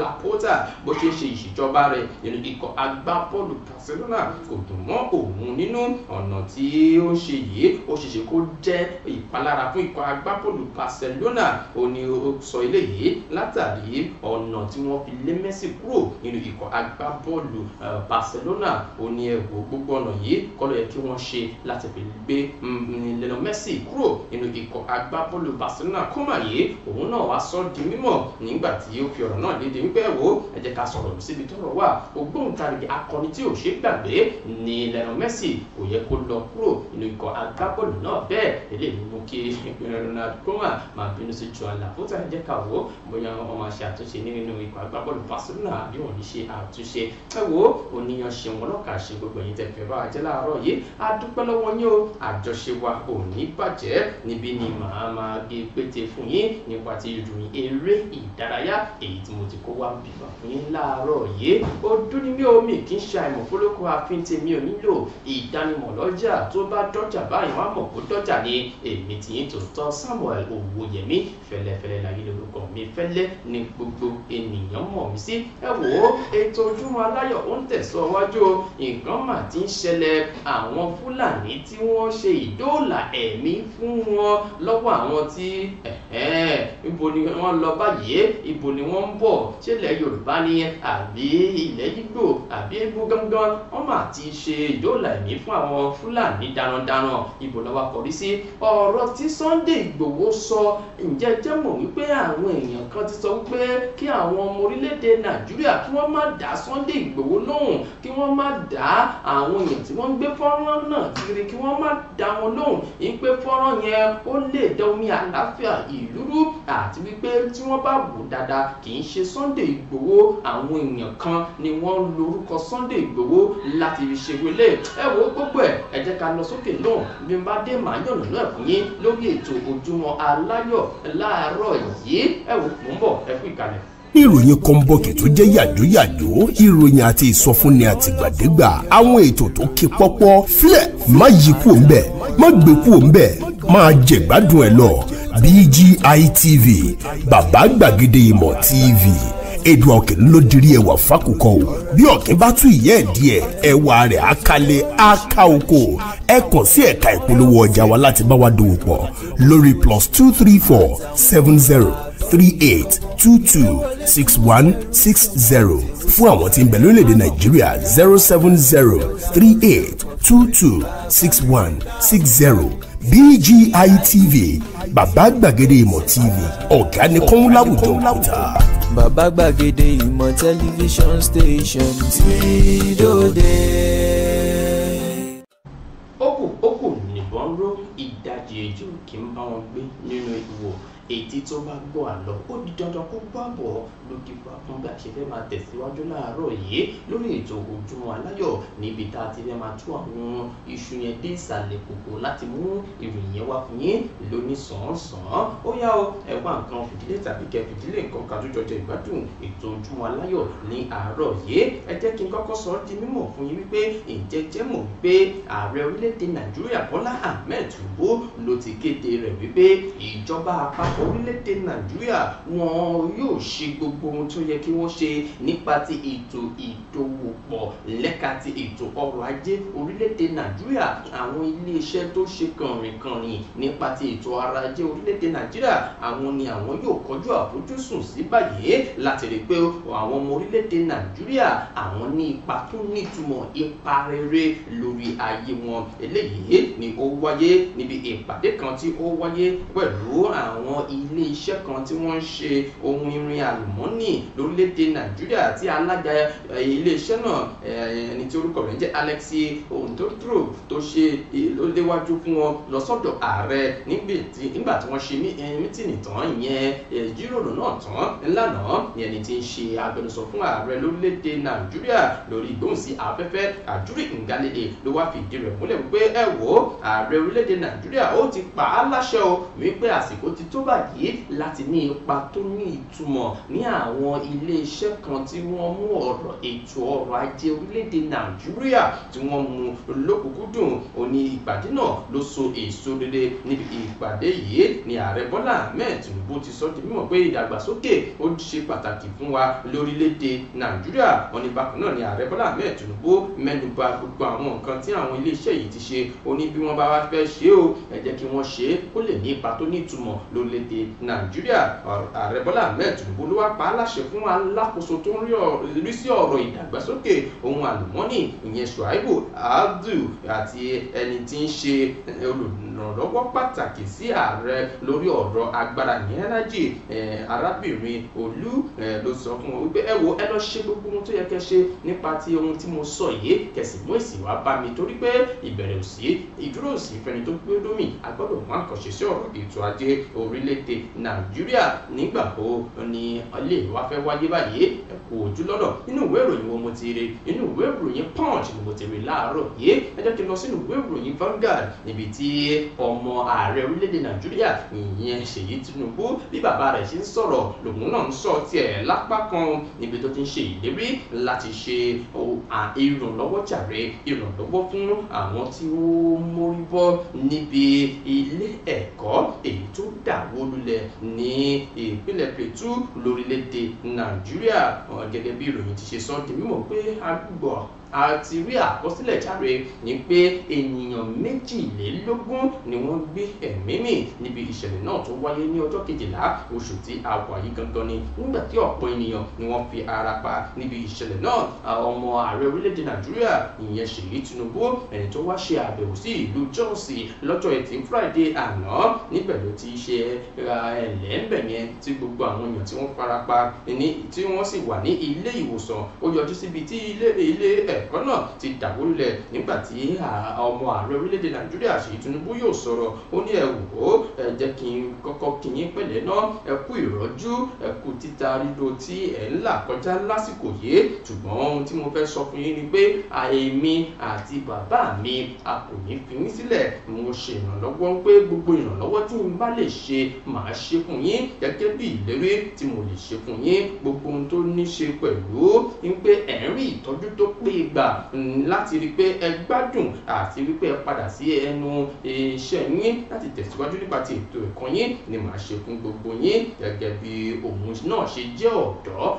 Laporta bó ṣe ṣe ìṣèjọba rẹ̀ nínú ikọ̀ agbábọ́ọ̀lù Barcelona kò dùn mọ́ òun nínú ọ̀nà tí ó ń ṣe yìí ó ṣeṣe kó jẹ́ ìpalára fún ikọ̀ agbábọ́ọ̀lù Barcelona ó ní ó sọ eléyìí látàrí ọ̀nà tí wọ́n fi lé Messi kúrò nínú ikọ̀ agbábọ́ọ̀lù eh, Barcelona ó ní ẹ wò gbogbo ọ̀nà yìí kọ́ ló yẹ kí wọ́n ṣe láti fi gbé mm, mm, Lionel Messi kúrò nínú ikọ̀ agbábọ́ọ̀lù Barcelona kọ́mà yìí òun náà wá sọ di mímọ̀ nígbà tí ó fi ọ̀rọ̀ náà léde wípé wò ẹ jẹ́ ká sọ̀rọ̀ síbi tọ́rọ̀ wà ògbóǹtarìgì akọni tí ò ṣe gbàgbé ni Lionel Messi kò yẹ kó lọ kúrò nínú ikọ̀ agbábọ́ọ̀lù náà bẹ́ẹ̀ eléyìí mú kí Ronald Koeman máa bínú sí Joao Laporta ẹ jẹ́ ká wò bóyá wọ́n máa ṣe àtúnṣe nínú ikọ̀ agbábọ́ọ̀lù Barcelona àbí wọ́n ní ṣe àtúnṣe ẹ wò oníyanṣe wọn lọ́kà ṣe gbogbo gbogbo ẹ̀yin tẹ́ fẹ́ bá wa jẹ́ láàárọ̀ yìí a dúpẹ́ lọ́wọ́ yín o àjọṣe wa ò ní bàjẹ́ níbí ni màá máa gé pété fún yín nípa ti ìròyìn eré ìdárayá èyí tí mo ti kó wá bìbà fún yín láàárọ̀ yìí ó dún ní mí omi kì í ṣe àìmọ̀ fólókó àfin tèmi ò nílò ìdánimọ̀ lọ́jà tó bá dọ́jà báyìí wọ́n á mọ̀ kó dọ́jà ni èmi ti yín tòótọ́ Samuel Owóyẹmí fẹlẹfẹlẹ láyé lórúkọ mi fẹlẹ ní gbogbo ènìyàn mọ̀ mí sí ẹ wò ó ètò ojúmọ́ aláyọ̀ ó ń tẹ̀síwájú nǹkan lọ́mà tí ń ṣẹlẹ̀ àwọn fúlàní tí wọ́n ṣe ìdóòlà ẹ̀mí fún wọn lọ́wọ́ àwọn tí ibo ni wọ́n lọ báyìí ibo ni wọ́n ń bọ̀ ṣẹlẹ̀ yorùbá ni àbí ilẹ̀ yígbò àbí ibo gangan wọ́n mà ti ṣe ìdóòlà ẹ̀mí fún àwọn fúlàní darandaran ibo lọ́wọ́ kọrí sí ọ̀rọ̀ tí Sunday Ìgbòho sọ ǹjẹ́ jẹ́ mọ̀ wípé àwọn èèyàn kan ti sọ wípé kí àwọn ọmọ orílẹ̀-èdè Nàìjíríà kí wọ́n má dá Sunday Ìgbòho lóhùn kí wọ́n má dá àwọn èèyàn tí wọ́n ń gbé fọ́nrán náà kiri kí wọ́n má dá wọn lóhùn wípé fọ́nrán yẹn ó lè dá omi àlàáfíà ìlú àti wípé tí wọ́n bá wò dáadáa kì í ṣe Sunday Ìgbòho àwọn èèyàn kan ni wọ́n lórúkọ Sunday Ìgbòho láti fi ṣe wọlé ẹ wo gbogbo ẹ ẹ jẹ́ ká lọ sókè lóhùn bí n bá dé màá yànnà náà fún yín lórí ètò ojúmọ́ aláyọ̀ láàárọ̀ yìí ẹ wò mò ń bọ̀ ẹ kú ìkàlẹ̀ ìròyìn kọ́ńbọ̀kì tó jẹ́ yàjóyàjó ìròyìn àti ìsọfúnni àtìgbàdégbà àwọn ètò tó ké pọ́pọ́ flẹ̀ má yí kúò ń bẹ̀ má gbé kúò ń bẹ̀ máa jẹ̀gbádùn ẹ̀ lọ BGI TV bàbá gbàgede ìmọ̀ TV èdè ọ̀kìn ló dirí ẹwà fákòkò o bí ọ̀kìn bá tún ìyẹ́ ẹ̀ díẹ̀ ẹwà rẹ̀ àkàlẹ̀ àkà oko ẹ kàn sí ẹ̀ka ìpolówó ọjà wa láti bá wa dòwò pọ̀ lórí plus two three four seven zero 38 22 61 60 fún àwọn tí ń bẹ lórílẹ̀‐èdè nàìjíríà 070 38 22 61 60 BGI TV bàbá gbàgede ìmọ̀ TV ọ̀gá ni kọ́ńlá àwùjọ kùtà. bàbá gbàgede ìmọ̀ tẹlifíṣọ̀n station tí dòde. ó kù ó kù nìbọn ró ìdajì èjò kì í bá wọn gbé nínú ìwọ ètí tó bá gbọ́ àlọ́ ó di dandan kó gbọ́ àbọ̀ lókè bá tán bí a ṣe fẹ́ máa tẹ̀síwájú láàárọ̀ yìí lórí ètò Ojúmọ́ Aláyọ̀ níbi tá a ti fẹ́ máa tú àwọn iṣu yẹn dé ìsàlẹ̀ kòkò láti mú ìròyìn yẹn wá fún yín lóní sàn-án-sàn ó yá o ẹ wá nǹkan fìdílé tàbí kẹ fìdílé nǹkan kan tó ìgbádùn ètò Ojúmọ́ Aláyọ̀ ní àárọ̀ yìí ẹ jẹ́ kí n kọ́kọ́ sọ di mímọ̀ fún yín wípé ǹjẹ́ jẹ́ mọ̀ wípé ààrẹ orílẹ̀-èdè Nàìjíríà Bọ́lá Ahmed Tinubu ló ti kéde rẹ̀ wípé ìjọba àpapọ̀ orílẹ̀-èdè nàìjíríà wọn yóò ṣe gbogbo ohun tó yẹ kí wọ́n ṣe nípa ti ètò ìdòwòpọ̀ lẹ́ka ti ètò ọrọ̀ ajé orílẹ̀-èdè nàìjíríà àwọn iléeṣẹ́ tó ṣe kànrìnkànrìn nípa ti ètò ọrọ̀ ajé orílẹ̀-èdè nàìjíríà àwọn ni àwọn yóò kọjú àfojúsùn sí báyìí láti rí pé àwọn ọmọ orílẹ̀-èdè nàìjíríà àwọn ní ipa tó nítumọ̀ ipa rere lórí ayé wọn eléyìí ni ó wáyé níbi ìpàdé kan tí ó wáyé pẹ̀lú àwọn ilé iṣẹ́ kan tí wọ́n ń ṣe ohun irin àlùmọ́nì lórílẹ̀‐èdè nàìjíríà tí alága ilé iṣẹ́ náà ẹni tí orúkọ rẹ̀ ń jẹ́ alexi ondotro tó ṣe ló fún wọn lọ sọ́dọ̀ ààrẹ nígbà tí wọ́n ṣe mítìnì tán ìyẹn ìjíròrò náà tán lánàá ẹni tí ń ṣe agbẹnusọ fún ààrẹ lórílẹ̀‐èdè nàìjíríà lórí ìgbóhùnsí afẹ́fẹ́ àjúrì ngalẹ̀dẹ̀ ló wá fìdí rẹ̀ múlẹ̀ wípé ẹ wò ààrẹ orílẹ̀‐èdè nàìjíríà ó ti pa á láṣẹ o wípé àsìkò ti tó bá báyìí láti ní ipa tó ní ìtumọ̀ ní àwọn ilé-iṣẹ́ kan tí wọ́n mú ọ̀rọ̀ ètò ọrọ̀ ajé orílẹ̀-èdè nàìjíríà tí wọ́n mú lókùnkúndùn òní ìpàdé náà ló so èso rere níbi ìpàdé yìí ni ààrẹ bọ́lá ahmed tinubu ti sọ di mímọ̀ pé ìdàgbàsókè ó ṣe pàtàkì fún wa lórílẹ̀-èdè nàìjíríà wọn ni bákan náà ni ààrẹ bọ́lá ahmed tinubu mẹ́nuba gbogbo àwọn nǹkan tí àwọn iléeṣẹ́ yìí ti ṣe ó ní bí wọ́n bá wá fẹ́ ṣe é o ẹ jẹ́ kí wọ́n ṣe é kó lè ní orílẹ̀-èdè nàìjíríà ààrẹ bọ́lá ahmed tinubu wá pa á láṣẹ fún alákòóso tó ń rí sí ọ̀rọ̀ ìdàgbàsókè ohun àlùmọ́nì ìyẹn shuaibu abdul àti ẹni tí ń ṣe olùdó olùrànlọ́wọ́ pàtàkì sí ààrẹ lórí ọ̀rọ̀ agbára ní ẹ́nájì arábìnrin olú ló sọ fún wọn wípé ẹ wo ẹ lọ ṣe gbogbo ohun tó yẹ kẹ́ ṣe nípa ti ohun tí mo sọ yìí kẹsì mú èsì wá bá mi torí pé ìbẹ̀rẹ̀ òsì ìdúró òsì fẹni tó gbé dómì agbọ́dọ̀ wọn àkànṣe sí ọ̀rọ̀ ètò ajé orílẹ̀-èdè nàìjíríà nígbà wo ni ilé wa fẹ́ wáyé báyìí ẹ kú ojú lọ́nà inú ìwé ìròyìn wo mo ti rí inú ìwé ìròyìn punch ni mo ti rí láàárọ̀ yìí ẹ jẹ́ kí n lọ sínú ìwé ìròyìn Vanguard níbi tí ọmọ ààrẹ orílẹ̀-èdè nàìjíríà ìyẹn ṣèyí tinubu bí bàbá rẹ̀ ṣe ń sọ̀rọ̀ lòun náà ń sọ tiẹ̀ lápá kan níbi tó ti ń ṣe ìlérí láti ṣe ìrànlọ́wọ́ jàre ìrànlọ́wọ́ fún àwọn tí ó mórí bọ́ níbi ilé ẹ̀kọ́ èyí tó dàwó lulẹ̀ ní ìpínlẹ̀ plateau lórílẹ̀-èdè nàìjíríà gẹ́gẹ́ bí ìròyìn ti ṣe sọ di mímọ̀ pé arúgbó àti rí àkọsílẹ̀ jáde ní pé ènìyàn méjìlélógún ni wọ́n gbé ẹ̀mí mì níbi ìṣẹ̀lẹ̀ náà tó wáyé ní ọjọ́ kejìlá oṣù tí a wà yìí gangan ni nígbà tí ọ̀pọ̀ ènìyàn ni wọ́n fi ara pa níbi ìṣẹ̀lẹ̀ náà ọmọ ààrẹ orílẹ̀-èdè nàìjíríà ìyẹn ṣèyí tinubu ẹni tó wá ṣe àbẹ̀wò sí ìlú jọ́ọ̀sì lọ́jọ́ ẹtì friday àná níbẹ̀ ló ti ṣe ẹlẹ́ńbẹ̀ yẹn tí gbogbo àwọn èèyàn tí wọ́n farapa ní tí wọ́n sì wà ní ilé ìwòsàn ẹ̀ ẹ̀kọ́ náà ti dàwólulẹ̀ nígbà tí ọmọ ààrẹ orílẹ̀-èdè nàìjíríà ṣèyí tinubu yóò sọ̀rọ̀ ó ní ẹ wò ó ẹ jẹ́ kí n kọ́kọ́ kí yín pẹ̀lẹ́ náà ẹ ìrọ́jú ẹ títa ríro tí ẹ ń là kọjá lásìkò yìí ṣùgbọ́n ohun tí mo fẹ́ sọ fún yín ni pé èmi àti bàbá mi a kò ní fi mí sílẹ̀ mo ṣe ìrànlọ́wọ́ pé gbogbo ìrànlọ́wọ́ tí n bá lè ṣe màá ṣe fún yín gẹ́gẹ́ bí ìlérí tí mo lè ṣe fún yín gbogbo ohun tó ní ṣe pẹ̀lú ń pé ẹ̀ ìtọ́jú tó péye gbà mm, láti rí pé ẹ gbádùn àti rí pé ẹ padà sí ẹnu iṣẹ́ yín láti tẹ̀síwájú nípa ti ètò ẹ̀kọ́ yín ni màá ṣe fún gbogbo yín gẹ́gẹ́ bí òun náà ṣe jẹ́ ọ̀dọ́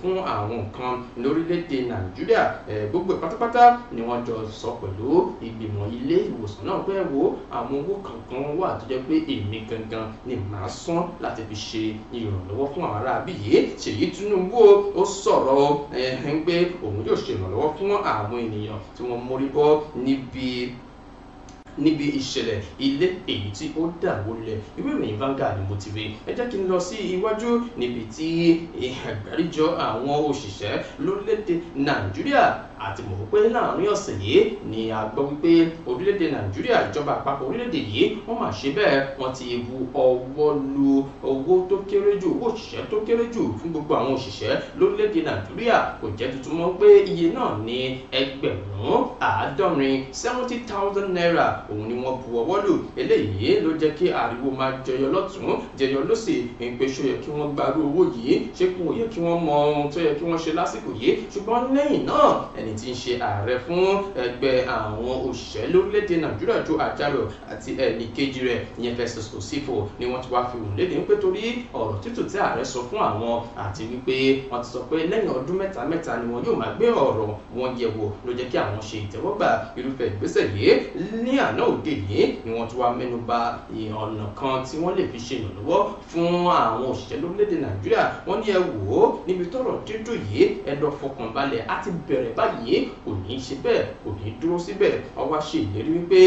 fún àwọn nǹkan lórílẹ̀‐èdè nàìjíríà gbogbo pátápátá ni wọ́n jọ sọ pẹ̀lú ìgbìmọ̀ ilé ìwòsàn náà pé wo àwọn owó kankan wà tó jẹ́ pé èmi gangan ni màá san láti fi ṣe ìrànlọ́wọ́ fún àwọn aráabí yìí ṣèyí tinubu ó fún àwọn ènìyàn tí wọ́n mórí bọ́ níbi níbi ìṣẹ̀lẹ̀ ilé èyí tí ó dàwó lẹ̀ ìwé ìròyìn Vanguard ni mo ti rí ẹ jẹ́ kí n lọ sí iwájú níbi tí àgbáríjọ àwọn òṣìṣẹ́ lórílẹ̀‐èdè Nàìjíríà àti mọ̀ pé láàrin ọ̀sẹ̀ yìí ni a gbọ́ wípé orílẹ̀-èdè nàìjíríà ìjọba àpapọ̀ orílẹ̀-èdè yìí wọ́n mà ṣe bẹ́ẹ̀ wọ́n ti bu ọwọ́ lu owó tó kéré jù owó òṣìṣẹ́ tó kéré jù fún gbogbo àwọn òṣìṣẹ́ lórílẹ̀-èdè nàìjíríà kò jẹ́ tuntun mọ́ pé iye náà ni ẹgbẹ̀rún àádọ́rin seventy thousand naira òun ni wọ́n bu ọwọ́ lù eléyìí ló jẹ́ kí ariwo máa jẹyọ lọ́tún jẹyọ lọ́sì pé ṣó yẹ kí wọ́n gbarú owó yìí ṣé kò yẹ kí wọ́n mọ ohun tó yẹ kí wọ́n ṣe lásìkò yìí ṣùgbọ́n lẹ́yìn náà ẹni ẹni tí ń ṣe ààrẹ fún ẹgbẹ́ àwọn òṣìṣẹ́ lórílẹ̀‐èdè nàìjíríà ju àjálù àti ẹnì kejì rẹ̀ ìyẹn festus osifo ni wọ́n ti wá fi hùn léde pé torí ọ̀rọ̀ tútù tí ààrẹ sọ fún àwọn àti wípé wọ́n ti sọ pé lẹ́yìn ọdún mẹ́ta mẹ́ta ni wọn yóò máa gbé ọ̀rọ̀ wọn yẹ̀ wò ló jẹ́ kí àwọn ṣe ìtẹ́wọ́gbà irúfẹ́ ìgbésẹ̀ yìí ní àná òde yìí ni wọ́n ti wá mẹ́nu bà ọ̀nà kan tí wọ́n lè fi ṣe ìrànlọ́wọ́ fún àwọn òṣìṣẹ́ lórílẹ̀‐èdè nàìjíríà wọ́n ní ẹ wò ó níbi tọ́rọ̀ dídùn yìí ẹ lọ fọkàn balẹ̀ á ti bẹ̀rẹ̀ báyìí báyìí kò ní í ṣe bẹ́ẹ̀ kò ní í dúró síbẹ̀ ọwọ́ ṣe ìlérí wípé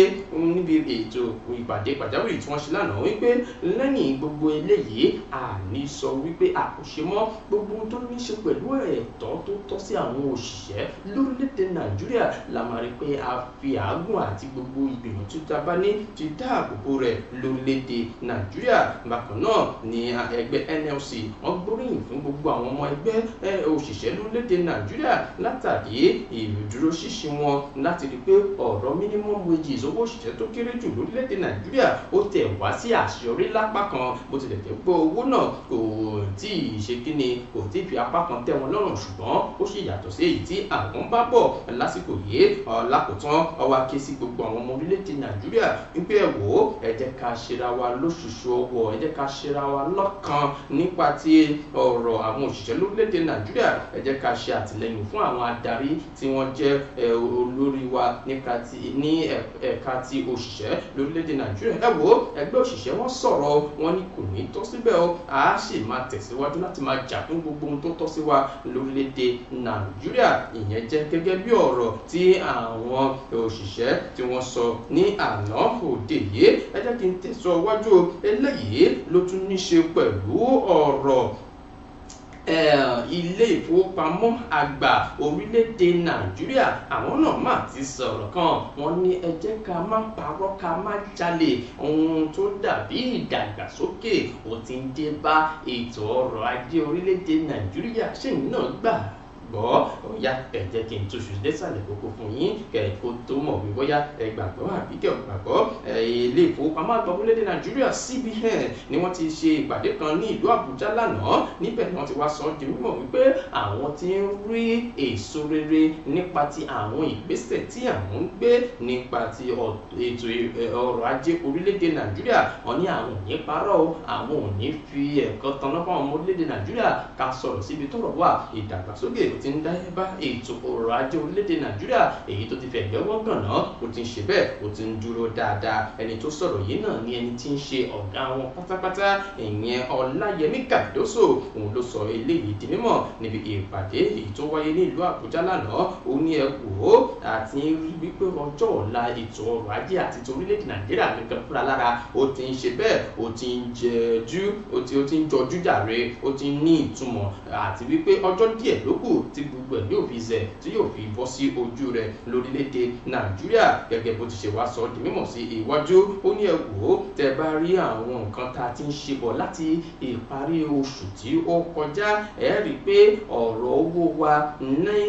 níbi ètò ìpàdé pàjáwìrì tí wọ́n ṣe lánàá wípé lẹ́yìn gbogbo eléyìí àní sọ wípé àkóṣe mọ́ gbogbo tó ní ṣe pẹ̀lú ẹ̀tọ́ tó tọ́ sí àwọn òṣìṣẹ́ lórílẹ̀ nàìjíríà la máa rí pé a fi àágùn àti gbogbo ìgbìyànjú tá a bá ní ti dáàbòbò rẹ̀ lórílẹ̀ nàìjíríà bákan náà ni ẹgbẹ́ NLC wọ́n gbóríyìn fún gbogbo àwọn ọmọ ẹgbẹ́ òṣìṣẹ́ lórílẹ̀ nàìjíríà látàrí ìdúróṣinṣin wọn láti rí pé ọ̀rọ̀ minimum wages owó òṣìṣẹ́ tó kéré jù lórílẹ̀‐èdè nàìjíríà ó tẹ̀ wá sí àṣeyọrí lápá kan bó tilẹ̀ jẹ́ pé owó náà kò tí ì ṣe kí ni kò tí ì fi apá kan tẹ́ wọn lọ́rùn ṣùgbọ́n ó sì yàtọ̀ sí èyí tí àwọn bá bọ̀ lásìkò yìí ọ̀làkùtàn ọwọ́ ké sí gbogbo àwọn ọmọ orílẹ̀‐èdè nàìjíríà wípé ẹ wò ká ṣera wa lóṣooṣù ọwọ́ ẹ ká ṣera wa lọ́kàn nípa ti ọ̀rọ̀ àwọn òṣìṣẹ́ lórílẹ̀‐èdè nàìjíríà ẹ ká ṣe àtìlẹ́yìn fún àwọn adarí tí wọ́n jẹ́ olórí wa ní ẹ̀ka ti òṣìṣẹ́ lórílẹ̀‐èdè nàìjíríà ẹ wo ẹgbẹ́ òṣìṣẹ́ wọ́n sọ̀rọ̀ wọn ní kò ní tọ́ síbẹ̀ o a sì máa tẹ̀síwájú láti máa jà fún gbogbo ohun tó tọ́ sí wa lórílẹ̀‐èdè nàìjíríà ìyẹn jẹ́ gẹ́gẹ́ bí ọ̀rọ̀ tí àwọn òṣìṣẹ́ tí wọ́n sọ ní àná òde yìí ẹ jẹ́ kí n tẹ̀síwájú eléyìí ló tún ní pẹ̀lú ọ̀rọ̀ Eh, ilé ìfowópamọ́ àgbà orílẹ̀-èdè nàìjíríà àwọn náà mà ti sọ̀rọ̀ kan wọ́n ní ẹ jẹ́ ká má parọ́ ká má jalè ohun tó dàbí ìdàgbàsókè ó ti ń dé bá ètò ọrọ̀ ajé orílẹ̀-èdè nàìjíríà ṣèyí náà gbà gbàgbọ́ ọ̀yá ẹ jẹ́ kí n túṣu désàlẹ̀ kókó fún yín kẹ̀ tó mọ̀ wí bóyá ẹ gbàgbọ́ àbí kẹ̀ gbàgbọ́ ilé ìfowópamọ́ àgbà nàìjíríà cbn ni wọ́n ti ṣe ìpàdé kan ní ìlú àbújá lánàá níbẹ̀ ni wọ́n ti wá sọ di mímọ̀ wípé àwọn ti ń rí èso rere nípa ti àwọn ìgbésẹ̀ tí àwọn ń gbé nípa ti ètò ọrọ̀ ajé orílẹ̀-èdè nàìjíríà wọ́n ní àwọn ò ní parọ́ o àwọn ò ní fi ẹ̀kọ́ tanná fún àwọn ọmọ orílẹ̀-èdè nàìjíríà ká sọ̀rọ̀ síbi tọ́rọ̀ wà ìdàgbàsókè ti ń dáyébá ètò ọrọ̀ ajé orílẹ̀-èdè nàìjíríà èyí tó ti fẹ̀ lẹ́wọ́ gànà ó ti ń ṣe bẹ́ẹ̀ ó ti ń dúró dáadáa ẹni tó sọ̀rọ̀ yìí náà ni ẹni tí ń ṣe ọ̀gá wọn pátápátá ìyẹn ọláyẹmí kàdóso òun ló sọ eléyìí di mímọ̀ níbi ìpàdé èyí tó wáyé ní ìlú àbújá lánàá ó ní ẹ wò ó àti wípé ọjọ́ ọ̀la ètò ọrọ̀ ajé àti ti orílẹ̀-èdè nàìjíríà nìkan fúnra lára ó ti ń ṣe bẹ́ẹ̀ ó ti ń jẹ́jú ó ti ń jọjú jàre ó ti ń ní ìtumọ̀ àti wípé ọjọ́ díẹ̀ ló tí gbogbo ẹ̀ yóò fi zẹ̀ tí yóò fi bọ́ sí ojú rẹ̀ lórílẹ̀‐èdè nàìjíríà gẹ́gẹ́ bó ti ṣe wá sọ di mímọ̀ sí iwájú ó ní ẹ wò ó tẹ bá rí àwọn nǹkan tá a ti ń ṣe bọ̀ láti ìparí oṣù tí ó kọjá ẹ rí i pé ọ̀rọ̀ owó wa ní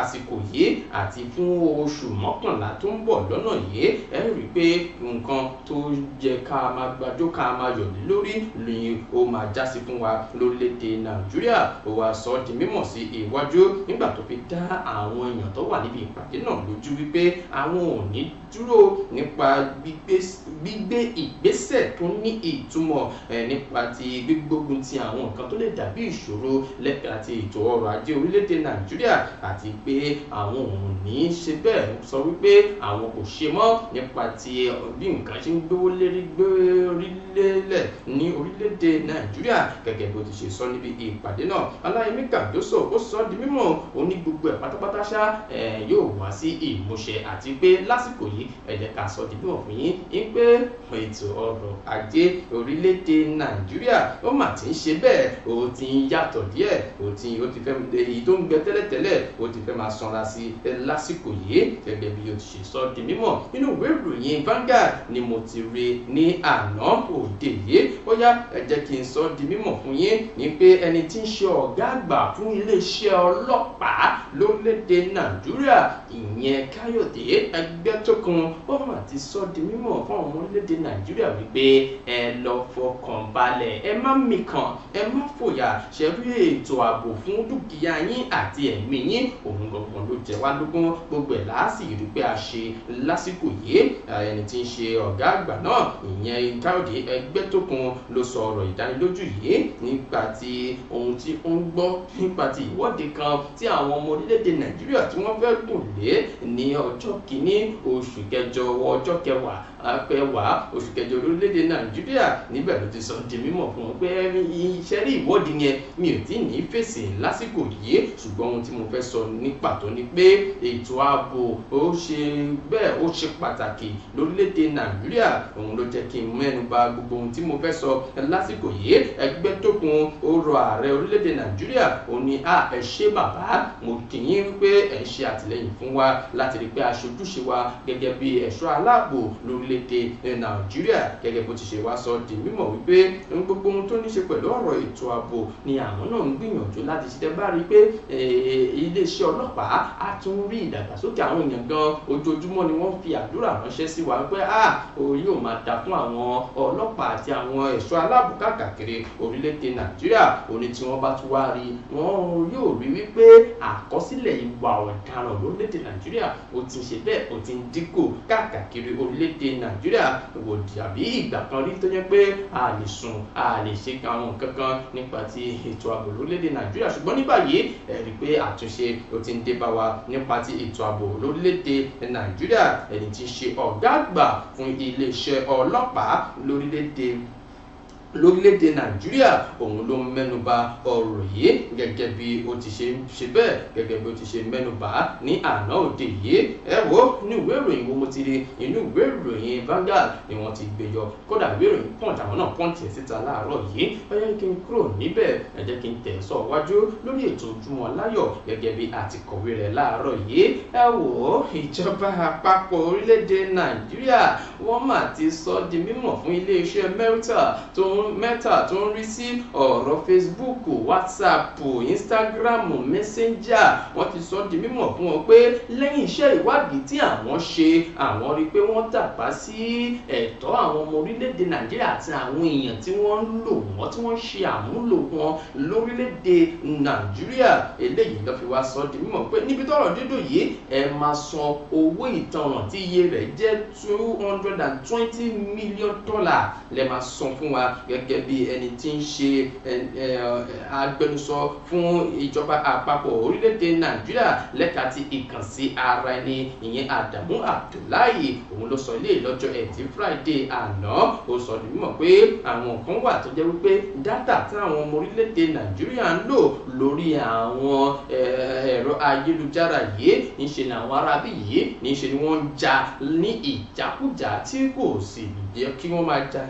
àsìkò yìí àti fún oṣù mọ́kànlá tó ń bọ̀ lọ́nà yìí ẹ rí i pé nǹkan tó yẹ ká máa gbàjọ ká máa yọ̀ lórí ni ó máa já fún wa lórílẹ̀‐èdè nàìjíríà ó wá sọ di mímọ̀ sí iwájú lójú nígbà tó fi dá àwọn èèyàn tó wà níbi ìpàdé náà lójú wípé àwọn ò ní dúró nípa gbígbé ìgbésẹ̀ tó ní ìtumọ̀ nípa ti gbígbógun ti àwọn nǹkan tó lè dàbí ìṣòro lẹ́ka ti ètò ọrọ̀ ajé orílẹ̀-èdè nàìjíríà àti pé àwọn ò ní ṣe bẹ́ẹ̀ sọ wípé àwọn kò ṣe mọ́ nípa ti bí nǹkan ṣe ń gbówó lérí gbérí lélẹ̀ ní orílẹ̀-èdè nàìjíríà gẹ́gẹ́ bó ti ṣe sọ níbi ìpàdé náà Ọláyẹmí Cardoso ó sọ di mímọ̀ mímọ̀ òun ní gbogbo ẹ̀ pátápátá ṣá yóò wá sí ìmúṣẹ àti pé lásìkò yìí ẹ jẹ́ ká sọ di mímọ̀ fún yín ní pé ètò ọrọ̀ ajé orílẹ̀-èdè nàìjíríà ó mà ti ń ṣe bẹ́ẹ̀ ó ti ń yàtọ̀ díẹ̀ ó ti ó ti fẹ́ èyí tó ń gbẹ tẹ́lẹ̀tẹ́lẹ̀ ó ti fẹ́ máa sanra sí i lásìkò yìí gẹ́gẹ́ bí o ti ṣe sọ di mímọ̀ nínú ìwé ìròyìn Vanguard ni mo ti rí ní àná òde yìí ó yá ẹ kí n sọ di mímọ̀ fún yín ní pé ẹni tí ń ṣe ọ̀gá àgbà fún iléeṣẹ́ ọl ọlọ́pàá lórílẹ̀‐èdè nàìjíríà ìyẹn káyọ̀dé ẹgbẹ́tókun ó mà ti sọ di mímọ̀ fún ọmọ orílẹ̀‐èdè nàìjíríà wípé ẹ lọ fọkàn balẹ̀ ẹ má mikàn ẹ má fòyà ṣẹ́rí ètò ààbò fún dúkìá yín àti ẹ̀mí yín òun gangan ló jẹ wá lógún gbogbo ẹ̀ láàsì rí pé a ṣe lásìkò yìí ẹni tí ń ṣe ọ̀gá àgbà náà ìyẹn káyọ̀dé ẹgbẹ́tókun ló sọ ọ̀rọ̀ ìdánilójú yìí nípa kan tí àwọn ọmọ orílẹ̀-èdè nàìjíríà tí wọ́n fẹ́ gùn lé ní ọjọ́ kìíní oṣù kẹjọ ọjọ́ kẹwàá apẹwà oṣù kẹjọ lórílẹ̀‐èdè nàìjíríà níbẹ̀ ló ti sọ di mímọ̀ fún wọn pé iṣẹ́ rí ìwọ́de yẹn mi ò tí ì ní fèsì lásìkò yìí ṣùgbọ́n ohun tí mo fẹ́ sọ ní pàtó ni pé ètò ààbò ó ṣe bẹ́ẹ̀ ó ṣe pàtàkì lórílẹ̀‐èdè nàìjíríà òun ló jẹ́ kí n mẹ́nu bà gbogbo ohun tí mo fẹ́ sọ lásìkò yìí ẹgbẹ́ tókun ó rọ ààrẹ orílẹ̀‐èdè nàìjíríà ó ní à ẹ ṣé bàbá mo kì í wípé ẹ ṣe àtìlẹ́yìn fún wa láti rí pé aṣojúṣe wa gẹ́gẹ́ bí ẹ̀ṣọ́ aláàbò lórí orílẹ̀-èdè nàìjíríà gẹ́gẹ́ bó ti ṣe wá sọ di mímọ̀ wípé gbogbo ohun tó ní ṣe pẹ̀lú ọ̀rọ̀ ètò ààbò ni àwọn náà ń gbìyànjú láti ṣiṣẹ́ bá rí i pé eh, iléeṣẹ́ ọlọ́pàá á tún rí ìdàgbàsókè àwọn èèyàn gan ojoojúmọ́ ni wọ́n fi àdúrà ránṣẹ́ sí wa pé a yóò máa dà fún àwọn ọlọ́pàá àti àwọn ẹ̀ṣọ́ aláàbò káàkiri orílẹ̀-èdè nàìjíríà òní tí wọ́n bá tún wá rí wọn yóò rí wípé àkọsílẹ̀ ìwà ọ̀daràn lórílẹ̀-èdè nàìjíríà ó ti ṣe bẹ́ẹ̀ ó ti ń dínkù káàkiri orílẹ̀-èdè nàìjíríà kò dàbí ìgbà kan rí tó jẹ́ pé a lè sùn a lè ṣe àwọn kankan nípa ti ètò ààbò lórílẹ̀‐èdè nàìjíríà ṣùgbọ́n ní báyìí ẹ rí i pé àtúnṣe ó ti ń dé bá wa nípa ti ètò ààbò lórílẹ̀‐èdè nàìjíríà ẹni tí ń ṣe ọ̀gá àgbà fún iléeṣẹ́ ọlọ́pàá lórílẹ̀‐èdè lórílẹ̀‐èdè nàìjíríà òun ló ń mẹ́nuba ọ̀rọ̀ yìí gẹ́gẹ́ bí ó ti ṣe ṣe bẹ́ẹ̀ gẹ́gẹ́ bí ó ti ṣe mẹ́nuba ní àná òde yìí ẹ wo ní ìwé ìròyìn wo mo ti rí inú ìwé ìròyìn Vanguard ni wọ́n ti gbé yọ kódà ìwé ìròyìn Punch àwọn náà pọ́ǹtì ẹ̀ síta láàárọ̀ yìí ẹ jẹ́ kí n kúrò níbẹ̀ ẹ jẹ́ kí n tẹ̀ sọ wájú lórí ètò Ojúmọ́ Láyọ̀ gẹ́gẹ́ bí àtikọ̀wé rẹ̀ láàárọ̀ yìí ẹ wò ìjọba àpapọ̀ orílẹ̀-èdè nàìjíríà wọ́n mà ti sọ di mímọ̀ fún iléeṣẹ́ mẹ́ríta tó ń mẹ́ta tó ń rí sí ọ̀rọ̀ facebook whatsapp instagram messenger wọ́n ti sọ di mímọ̀ fún wọn pé lẹ́yìn iṣẹ́ ìwádìí tí àwọn ṣe àwọn rí i pé wọ́n tàpá sí ẹ̀tọ́ àwọn ọmọ orílẹ̀-èdè nàìjíríà àti àwọn èèyàn tí wọ́n ń lò wọ́n tí wọ́n ṣe àmúlò wọn lórílẹ̀-èdè nàìjíríà eléyìí ló fi wá sọ di mímọ̀ pé níbi tọ́rọ̀ dídùn yìí ẹ máa san owó ìtanràn tí iye rẹ̀ jẹ́ two hundred and twenty million dollar lẹ́ẹ̀ máa san fún wa gẹ́gẹ́ bí ẹni tí ń ṣe agbẹnusọ fún ìjọba àpapọ̀ orílẹ̀-èdè nàìjíríà lẹ́ka ti ìkànsí ara ẹni ìyẹn àdàmú abdullahi òun ló sọ ilé lọ́jọ́ ẹtì friday àná ó sọ ní mímọ̀ pé àwọn kan wà tó jẹ́ wípé dátà táwọn ọmọ orílẹ̀-èdè nàìjíríà ń lò lórí àwọn ẹ̀rọ ayélujára yìí níṣe ni àwọn arábí yìí níṣe ni wọ́n ń jà ní ìjàkújà tí kò sì jẹ́ kí wọ́n máa jà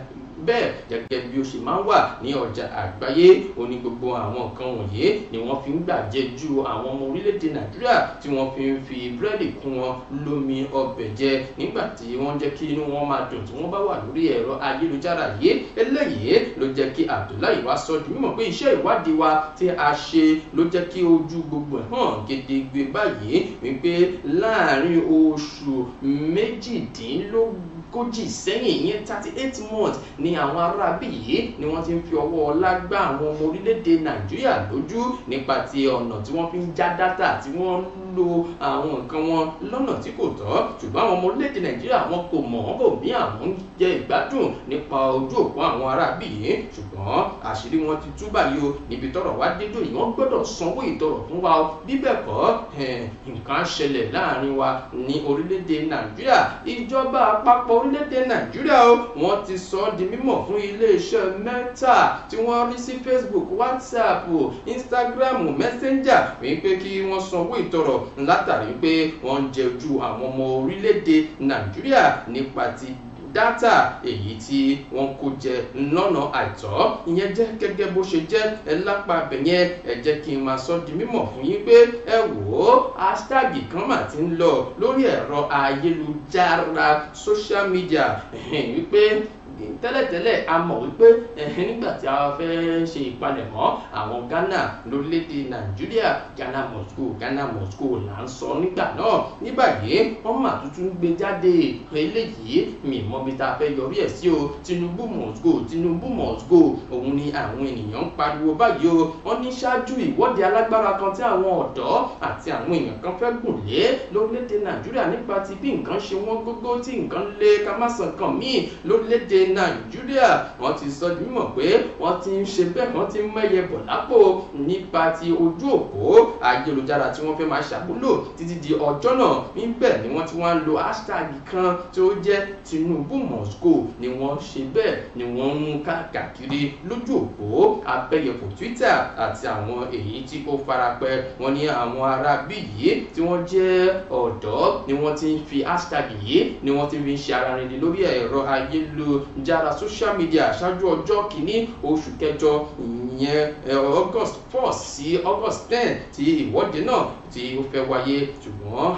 bẹ́ẹ̀ gẹ́gẹ́ bí ó ṣe máa ń wà ní ọjà àgbáyé ó ní gbogbo àwọn nǹkan wọ̀nyí ni wọ́n fi ń gbàjẹ́ ju àwọn ọmọ orílẹ̀-èdè nàìjíríà tí wọ́n fi ń fi búrẹ́dì kún wọn lómi ọbẹ̀ jẹ nígbà tí wọ́n jẹ́ kí inú wọn máa dùn tí wọ́n bá wà lórí ẹ̀rọ ayélujára yìí eléyìí ló jẹ́ kí abdullahi wá sọ di mímọ̀ pé iṣẹ́ ìwádìí wa tí a ṣe ló jẹ́ kí ojú gbogbo ẹ̀ hàn gedegbe báyìí wípé láàárín oṣù méjìdínlógún ogójì sẹ́yìn ìyẹn thirty eight months ni àwọn arábí yìí ni wọ́n ti ń fi ọwọ́ ọlá gbá àwọn ọmọ orílẹ̀-èdè nàìjíríà lójú nípa ti ọ̀nà tí wọ́n fi ń já dátà tí wọ́n lo àwọn nǹkan wọn lọ́nà tí kò tọ́ ṣùgbọ́n àwọn ọmọ nàìjíríà wọn kò mọ̀ ọ́n bò bí àwọn ń jẹ ìgbádùn nípa ojú òpó àwọn aráàbí yìí ṣùgbọ́n àṣírí wọn ti tú báyìí o níbi tọ́rọ̀ wá dédò yìí wọ́n gbọ́dọ̀ sanwó ìtọrọ fún wa o bí kọ́ nǹkan ṣẹlẹ̀ láàrin wa ní orílẹ̀-èdè nàìjíríà ìjọba àpapọ̀ orílẹ̀-èdè nàìjíríà o wọ́n ti sọ di mímọ̀ fún iléeṣẹ́ mẹ́ta tí wọ́n rí sí facebook whatsapp instagram messenger wípé kí wọ́n sanwó ìtọrọ lọ látàrí pé wọ́n ń jẹ ojú àwọn ọmọ orílẹ̀-èdè nàìjíríà nípa ti dátà èyí tí wọ́n kó jẹ lọ́nà àìtọ́ ìyẹn jẹ́ gẹ́gẹ́ bó ṣe jẹ́ ẹ lápá abẹ́ yẹn ẹ jẹ́ kí n máa sọ di mímọ̀ fún yín pé ẹ wò ó hashtag kan mà ti ń lọ lórí ẹ̀rọ ayélujára social media wípé tẹ́lẹ̀tẹ́lẹ̀ a mọ̀ wípé nígbà tí a fẹ́ ṣe ìpalẹ̀mọ́ àwọn Ghana lórílẹ̀ Nàìjíríà Ghana Moscow Ghana Moscow là ń sọ nígbà náà ní wọ́n mà tuntun gbé jáde eléyìí mímọ́ bí ta fẹ́ yọrí ẹ̀ sí o Tinubu Moscow Tinubu Moscow òun ni àwọn ènìyàn ń pariwo báyìí o wọ́n ní ṣáájú ìwọ́de alágbára kan tí àwọn ọ̀dọ́ àti àwọn èèyàn kan fẹ́ gùn lé lórílẹ̀ nàìjíríà wọ́n ti sọ di mímọ̀ pé wọ́n ti ń ṣe bẹ́ẹ̀ wọ́n ti ń mẹ́yẹ bọ̀ lápò nípa ti ojú òpó ayélujára tí wọ́n fẹ́ máa ṣàmúlò títí di ọjọ́ náà níbẹ̀ ni wọ́n ti wá ń lo hashtag kan tí ó jẹ́ Tinubu Moscow ni wọ́n ṣe bẹ́ẹ̀ ni wọ́n ń mú káàkiri lójú òpó abẹ́yẹ̀fò Twitter àti àwọn èyí tí ó farapẹ́ wọ́n ní àwọn ará bí yìí tí wọ́n jẹ́ ọ̀dọ́ ni wọ́n ti ń fi hashtag yìí ni wọ́n ti fi ń ṣe ara rìn Jara social media ṣáájú ọjọ́ kìíní oṣù kẹjọ ìyẹn eh, august four sí august ten ti ìwọ́de náà tí ó fẹ́ wáyé ṣùgbọ́n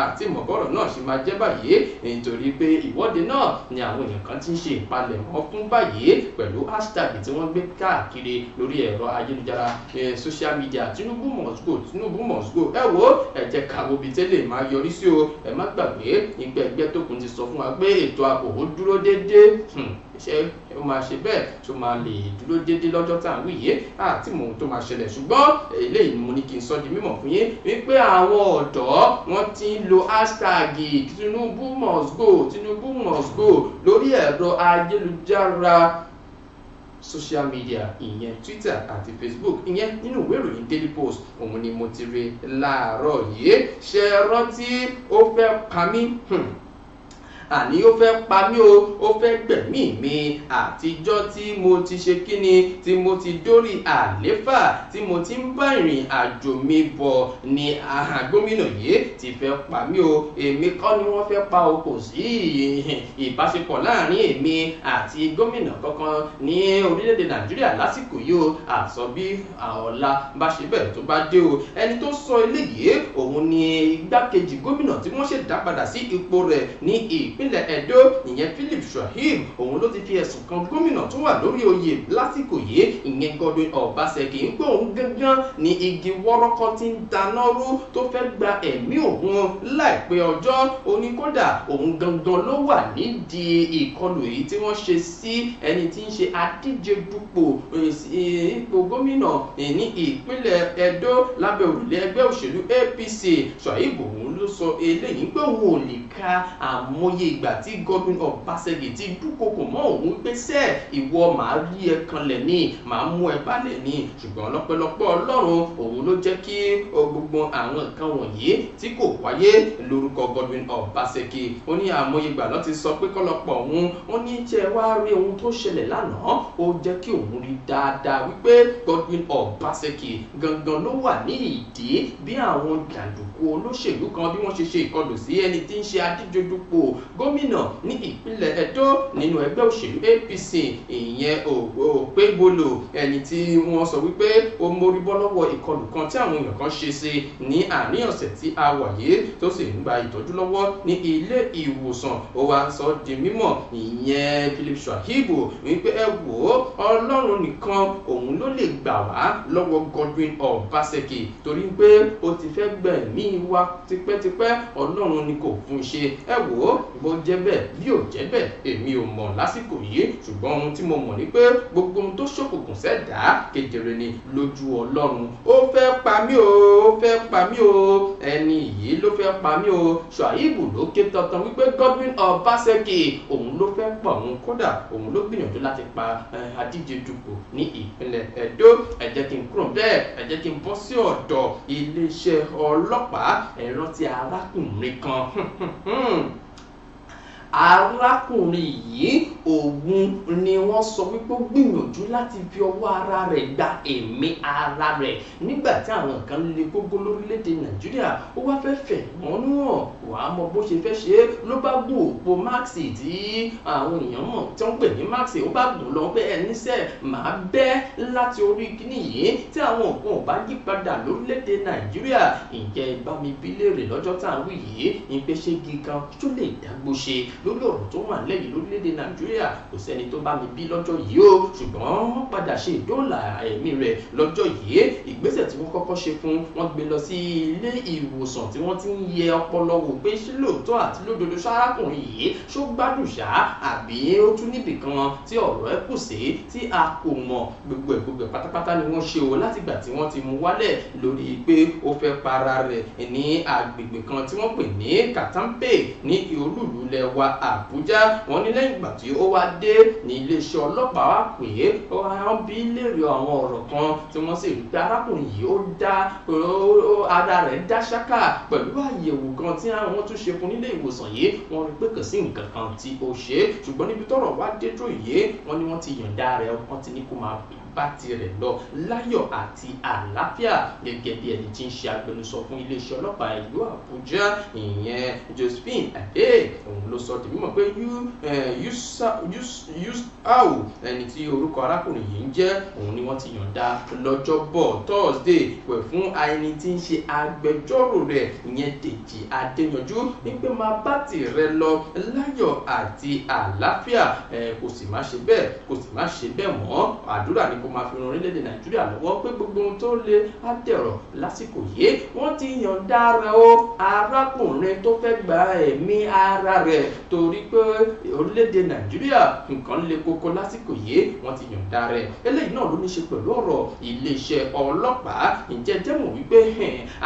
àti [LAUGHS] mọ̀gọ́rọ̀ náà ṣe máa jẹ́ báyìí nítorí pé ìwọ́de náà ni àwọn èèyàn kan ti ń ṣe ìpalẹ̀mọ́ fún báyìí pẹ̀lú hashtag tí wọ́n gbé káàkiri lórí ẹ̀rọ ayélujára eh, social media Tinubu must go Tinubu must go ẹ wo ẹ jẹ́ ká tẹ́lẹ̀ máa yọrí sí o ẹ má gbàgbé ìgbẹ́gbẹ́ tókun ti sọ fún wa pé ètò ààbò ó dúró déédéé hmm ṣé ó máa ṣe bẹ́ẹ̀ tó máa lè dúró déédé lọ́jọ́ tá à ń wí yé àti mò ń tó máa ṣẹlẹ̀ ṣùgbọ́n eléyìí mo ní kí n sọ di mímọ̀ fún yín wípé àwọn ọ̀dọ́ wọ́n ti ń lo hashtag Tinubu must go Tinubu must go lórí ẹ̀rọ ayélujára social media ìyẹn twitter àti facebook ìyẹn nínú ìwé ìròyìn daily post òun ni mo ti rí láàárọ̀ yìí ṣe rántí ó fẹ́ pa mí hmm àní ó fẹ́ pa mí o ó fẹ́ gbẹ̀mí mi àtijọ́ tí mo ti ṣe kíni tí mo ti dórí àléfà tí mo ti ń bá ìrìn àjò mi bọ̀ ni gómìnà yìí ti fẹ́ pa mí o èmi kọ́ ni wọ́n fẹ́ pa o kò sí ìbáṣepọ̀ láàrin èmi àti gómìnà kankan ní orílẹ̀-èdè nàìjíríà lásìkò yìí o àsọ bí ọ̀la bá ṣe bẹ́ẹ̀ tó bá dé o ẹni tó sọ eléyìí òun ni igbákejì gómìnà tí wọ́n ṣe dá padà sí ipò rẹ̀ ní ìp ìpínlẹ̀ Ẹdó ìyẹn Philip Shahib òun ló ti fi ẹ̀sùn kan gómìnà tó wà lórí oyè lásìkò yìí ìyẹn Godwin Obaseki ń pè òun gángan ní igi wọ́rọ́kọ́ tí ń dáná rú tó fẹ́ gba ẹ̀mí òun láìpẹ́ ọjọ́ òní òun gangan ló wà nídìí ìkọlù èyí tí wọ́n ṣe sí ẹni tí ń ṣe adíje dupò eh, eh, ipò gómìnà eh, ní ìpínlẹ̀ Ẹdó lábẹ́ òrùlé ẹgbẹ́ òṣèlú APC Shahib òun ló sọ eléyìí pé òun ò lè ka àmọye ìgbà tí Godwin Obaseki ti dúkokò mọ́ òun pé sẹ́ ìwọ màá rí ẹ kanlẹ̀ ní màá mú ẹ balẹ̀ ní ṣùgbọ́n lọ́pọ̀lọpọ̀ ọlọ́run òun ló jẹ́ kí gbogbo àwọn nǹkan wọ̀nyí tí kò wáyé lórúkọ Godwin Obaseki ó ní àmọye ìgbà ló ti sọ pé kọ́lọ́pọ̀ òun ó ní jẹ́ wá rí ohun tó ṣẹlẹ̀ lánàá ó jẹ́ kí òun rí dáadáa wípé Godwin Obaseki gangan ló wà ní ìdí bí àwọn jàǹdùkú olóṣèlú kan bí wọ́n ṣe ṣe ìkọlù sí ẹni tí ń ṣe adíjodúpọ̀ gómìnà ní ìpínlẹ̀ Ẹdó nínú ẹgbẹ́ òṣèlú APC ìyẹn Okpebholo ẹni tí wọ́n sọ wípé ó mórí bọ́ lọ́wọ́ ìkọlù kan tí àwọn èèyàn kan ṣe sí ní àárín ọ̀sẹ̀ tí a wà yìí tó sì ń gba ìtọ́jú lọ́wọ́ ní ilé ìwòsàn ó wá sọ di mímọ̀ ìyẹn Philip Swahibu wípé ẹ wò ó Ọlọ́run nìkan òun ló lè gbà wá lọ́wọ́ Godwin Obaseki torí pé ó ti fẹ́ gbẹ̀mí wa tipẹ́tipẹ́ Ọlọ́run ni kò fún ṣe ẹ wò ó bó jẹ́ bẹ́ẹ̀ bí ò jẹ́ bẹ́ẹ̀ èmi ò mọ̀ lásìkò yìí ṣùgbọ́n ohun tí mo mọ̀ ni pé gbogbo ohun tó ṣòkùnkùn sẹ́dá kedere ni lójú ọlọ́run ó fẹ́ pa mí o ó fẹ́ pa mí o ẹni yìí ló fẹ́ pa mí o ṣàyíbù ló ké tantan wípé Godwin Obaseki òun ló fẹ́ pa òun kódà òun ló gbìyànjú láti pa eh, adíje dupò ní ìpínlẹ̀ Ẹdó ẹ jẹ́ kí n kúrò bẹ́ẹ̀ ẹ jẹ́ kí n bọ́ sí ọ̀dọ̀ iléeṣẹ́ ọlọ́pàá ẹ̀rántí arákùnrin kan [LAUGHS] arákùnrin yìí òun ni wọ́n sọ wípé ó gbìyànjú láti fi ọwọ́ ara rẹ̀ gba ẹ̀mí ara rẹ̀ nígbà tí àwọn nǹkan le gógó lórílẹ̀‐èdè nàìjíríà ó wá fẹ́ fẹ̀ wọ́n náà wàá mọ bó ṣe fẹ́ ṣe é ló bá gbó òpó máàkì tí àwọn èèyàn mọ̀ tí wọ́n pè ní máàkì ó bá gùn lọ bẹ́ẹ̀ níṣẹ́ màá bẹ́ láti orí kíní yìí tí àwọn nǹkan ò bá yí padà lórílẹ̀‐èdè nàìjíríà ìjẹ́ bá mi lọ́jọ́ tá lórí ọ̀rọ̀ tó wà lẹ́yìn lórílẹ̀‐èdè nàìjíríà kò sẹ́ni tó bá mi bí lọ́jọ́ yìí o ṣùgbọ́n wọ́n padà ṣe ìdóòlà ẹ̀mí rẹ̀ lọ́jọ́ yìí ìgbésẹ̀ tí wọ́n kọ́kọ́ ṣe fún wọ́n gbé lọ sí ilé ìwòsàn tí wọ́n ti ń yẹ ọpọlọ wò pé ṣé lóòótọ́ àti lódodo sárákùnrin yìí ṣó gbádùn ṣá àbí ó tún níbì kan tí ọ̀rọ̀ ẹ̀ kù sí tí a kò mọ̀ gbogbo ẹ̀ gbogbo ẹ̀ pátápátá ni wọ́n ṣe o látìgbà tí wọ́n ti mú wálẹ̀ lórí pé ó fẹ́ para rẹ̀ ní agbègbè kan tí wọ́n pè ní Katampe ní olúùlú lẹ́wà Àbújá wọ́n ní lẹ́yìn ìgbà tí ó wá dé ní iléeṣẹ́ ọlọ́pàá wá pè é wọ́n bí léèrè àwọn ọ̀rọ̀ kan tí wọ́n sì rí pé arákùnrin yìí ó dá ara rẹ̀ dá ṣáká pẹ̀lú àyẹ̀wò kan tí àwọn tún ṣe fún nílé ìwòsàn yìí wọ́n rí pé kò sí nǹkan kan tí ó ṣe ṣùgbọ́n níbi tọ́rọ̀ wá dé dúró yìí wọ́n ní wọ́n ti yọ̀ǹda rẹ̀ wọ́n ti ní kó máa pè bá tirẹ̀ lọ láyọ̀ àti àlàáfíà gẹ́gẹ́ bí ẹni tí ń ṣe agbẹnusọ fún iléeṣẹ́ ọlọ́pàá ìlú àbújá ìyẹn josephine adé òun ló sọ tèmi mọ̀ pé yusau ẹni tí orúkọ arákùnrin yìí ń jẹ́ òun ni wọ́n ti yọ̀ǹda lọ́jọ́bọ̀ thursday pẹ̀ fún ẹni tí ń ṣe agbẹjọ́rò rẹ̀ ìyẹn dèjì adéyanjú wípé máa bá tirẹ̀ lọ láyọ̀ àti àlàáfíà kò sì má ṣe bẹ́ẹ̀ kò sì má ṣe bẹ́ẹ̀ mọ́ àdúrà ni kó máa fi ran orílẹ̀-èdè nàìjíríà lọ́wọ́ pé gbogbo ohun tó le á dẹ̀rọ̀ lásìkò yìí wọ́n ti yànda ara o arákùnrin tó fẹ́ gba ẹ̀mí ara rẹ̀ torí pé orílẹ̀-èdè nàìjíríà nǹkan le koko lásìkò yìí wọ́n ti yànda rẹ̀ eléyìí náà ló ní ṣe pẹ̀lú ọ̀rọ̀ iléeṣẹ́ ọlọ́pàá ǹjẹ́ jẹ́mọ̀ wípé